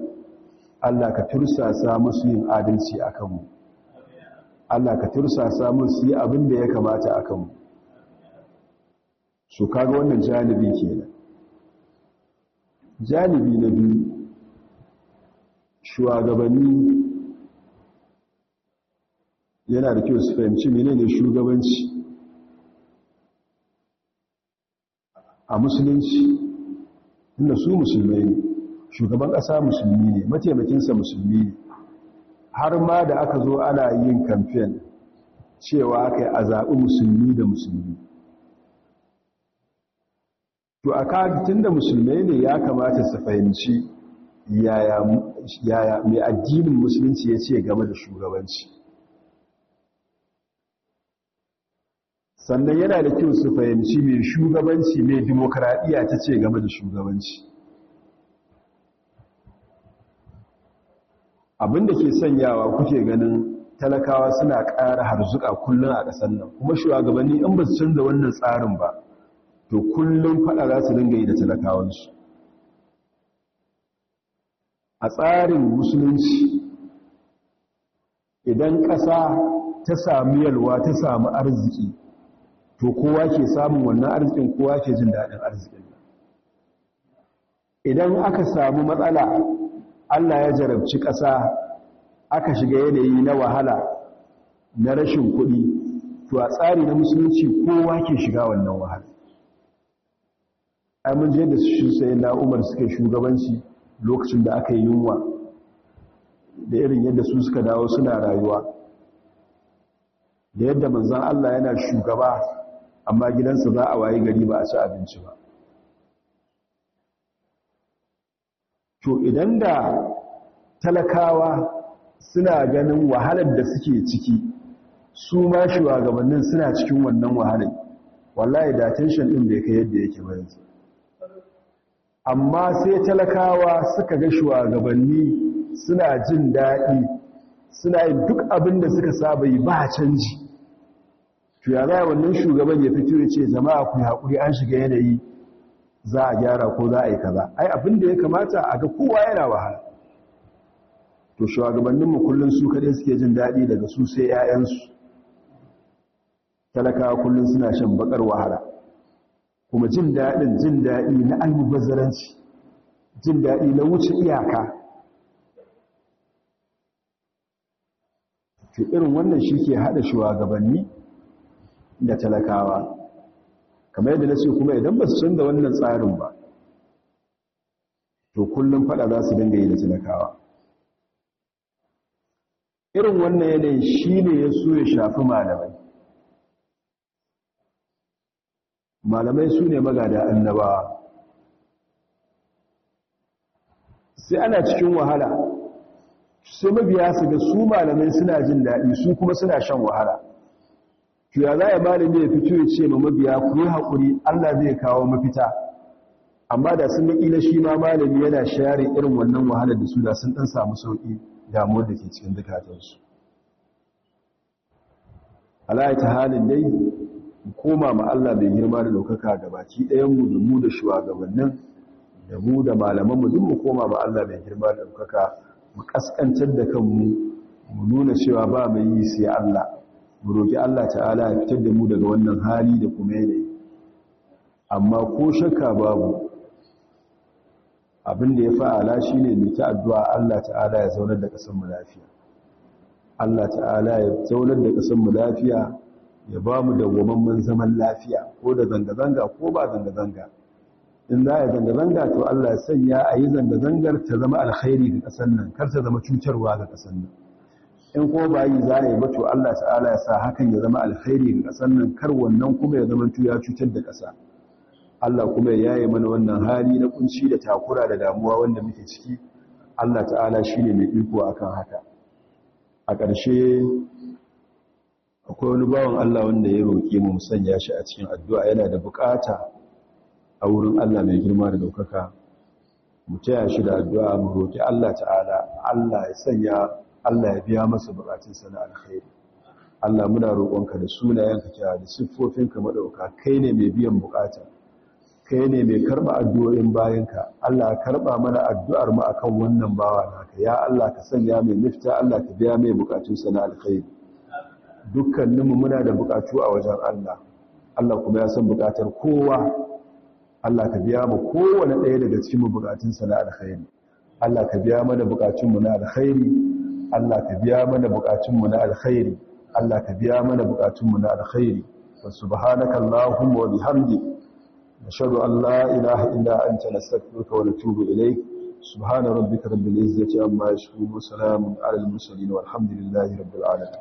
Allah ka tursasa musu yin adalci akan mu Allah ka tursasa musu yi abin da ya kamata akan mu su kaga wannan janibi kenan janibi na biyu shugabanni yana da kyau su fahimci menene shugabanci a musulunci inda su musulmai ne shugaban ƙasa musulmi ne mataimakinsa musulmi ne har ma da aka zo ana yin kamfen cewa aka yi a zaɓi musulmi da musulmi to a tun da musulmai ne ya kamata su fahimci yaya mai addinin musulunci ya ce game da shugabanci sannan yana da kyau su fahimci mai shugabanci mai dimokuraɗiyya ta ce game da shugabanci abinda ke sanyawa kuke ganin talakawa suna ƙara harzuka kullum a ƙasar nan kuma shugabanni in ba su canza wannan tsarin ba to kullum faɗa za su dinga yi da talakawansu a tsarin musulunci idan ƙasa ta sami yalwa ta sami arziki to kowa ke samun wannan arzikin kowa ke jin daɗin arzikin idan aka samu matsala Allah ya jarabci ƙasa aka shiga yanayi na wahala na rashin kuɗi to a tsari na musulunci kowa ke shiga wannan wahala ai mun je da shi sai na Umar suke shugabanci lokacin da aka yi yunwa da irin yadda su suka dawo suna rayuwa da yadda manzon Allah yana shugaba amma gidansu za a wayi gari ba a ci abinci ba to idan da talakawa suna ganin wahalar da suke ciki su ma shugabannin suna cikin wannan wahalar wallahi da tension din bai kai yadda yake ba yanzu amma sai talakawa suka ga shugabanni suna jin daɗi suna yin duk abin da suka saba yi ba canji to ya wannan shugaban ya fito ya ce jama'a ku haƙuri an shiga yanayi za a gyara ko za a yi kaza ai abin da ya kamata a ga kowa yana wahala to shugabanninmu kullum su kaɗai suke jin daɗi daga su sai 'ya'yansu talakawa kullum suna shan baƙar wahala kuma jin daɗin jin daɗi na almubazzaranci jin daɗi na wuce iyaka to irin wannan shi ke haɗa shugabanni da talakawa kamar yadda na ce kuma idan ba su da wannan tsarin ba to kullum fada za su dinga yi da talakawa irin wannan yanayi shi ne ya so ya shafi malamai malamai su ne magada annabawa sai ana cikin wahala sai mabiya su ga su malamai suna jin daɗi su kuma suna shan wahala to ya a malami ya fito ya ce ma mabiya ku yi haƙuri Allah zai kawo mafita amma da sun na shi ma malami yana share irin wannan wahalar da su da sun ɗan samu sauki damuwar da ke cikin dukatansu alayi ta halin dai koma ma Allah bai girma da ɗaukaka ga baki ɗayan mu da mu da shugabannin da mu da malamanmu duk mu koma ma Allah bai girma da ɗaukaka mu kaskantar da kanmu mu nuna cewa ba mai yi sai Allah mu roki Allah ta'ala ya fitar da mu daga wannan hali da kuma yanayi amma ko shakka babu abin da ya fa'ala shine mu ta addu'a Allah ta'ala ya zaunar da kasan mu lafiya Allah ta'ala ya zaunar da kasan mu lafiya ya ba mu dawwamamman zaman lafiya ko da zanga-zanga ko ba zanga-zanga in za a zanga-zanga to Allah sanya a yi zanga-zangar ta zama alkhairi ga ƙasar nan kar ta zama cutarwa ga ƙasar nan in ko ba yi za a yi bato Allah ta'ala ya sa hakan ya zama alkhairi ga ƙasar nan kar wannan kuma ya zama ya cutar da ƙasa Allah kuma ya yi mana wannan hali na kunci da takura da damuwa wanda muke ciki Allah ta'ala ne mai iko akan haka a ƙarshe akwai wani bawan Allah wanda ya roƙi mu musanya shi a cikin addu'a yana da buƙata a wurin Allah mai girma da daukaka mu taya shi da addu'a mu roƙi Allah ta'ala Allah ya sanya Allah ya biya masa bukatunsa na alkhairi Allah muna roƙonka da sunayenka kya da ka madauka kai ne mai biyan bukata kai ne mai karba addu'o'in bayanka Allah ya karba mana addu'ar mu akan wannan bawa naka ya Allah ka sanya mai mifta Allah ka biya mai bukatunsa na alkhairi dukkaninmu muna da bukatu a wajen Allah Allah kuma ya san bukatar kowa Allah ka biya mu kowane ɗaya daga cikin bukatunsa na alkhairi Allah ka biya mana mu na alkhairi Allah ka biya mana bukatunmu na alkhairi Allah ka biya mana bukatunmu na alkhairi subhanaka allahumma wa bihamdik nashhadu an la ilaha illa anta nastaghfiruka wa natubu ilayk subhana rabbika rabbil izzati amma yasifun wa salamun alal mursalin walhamdulillahi rabbil alamin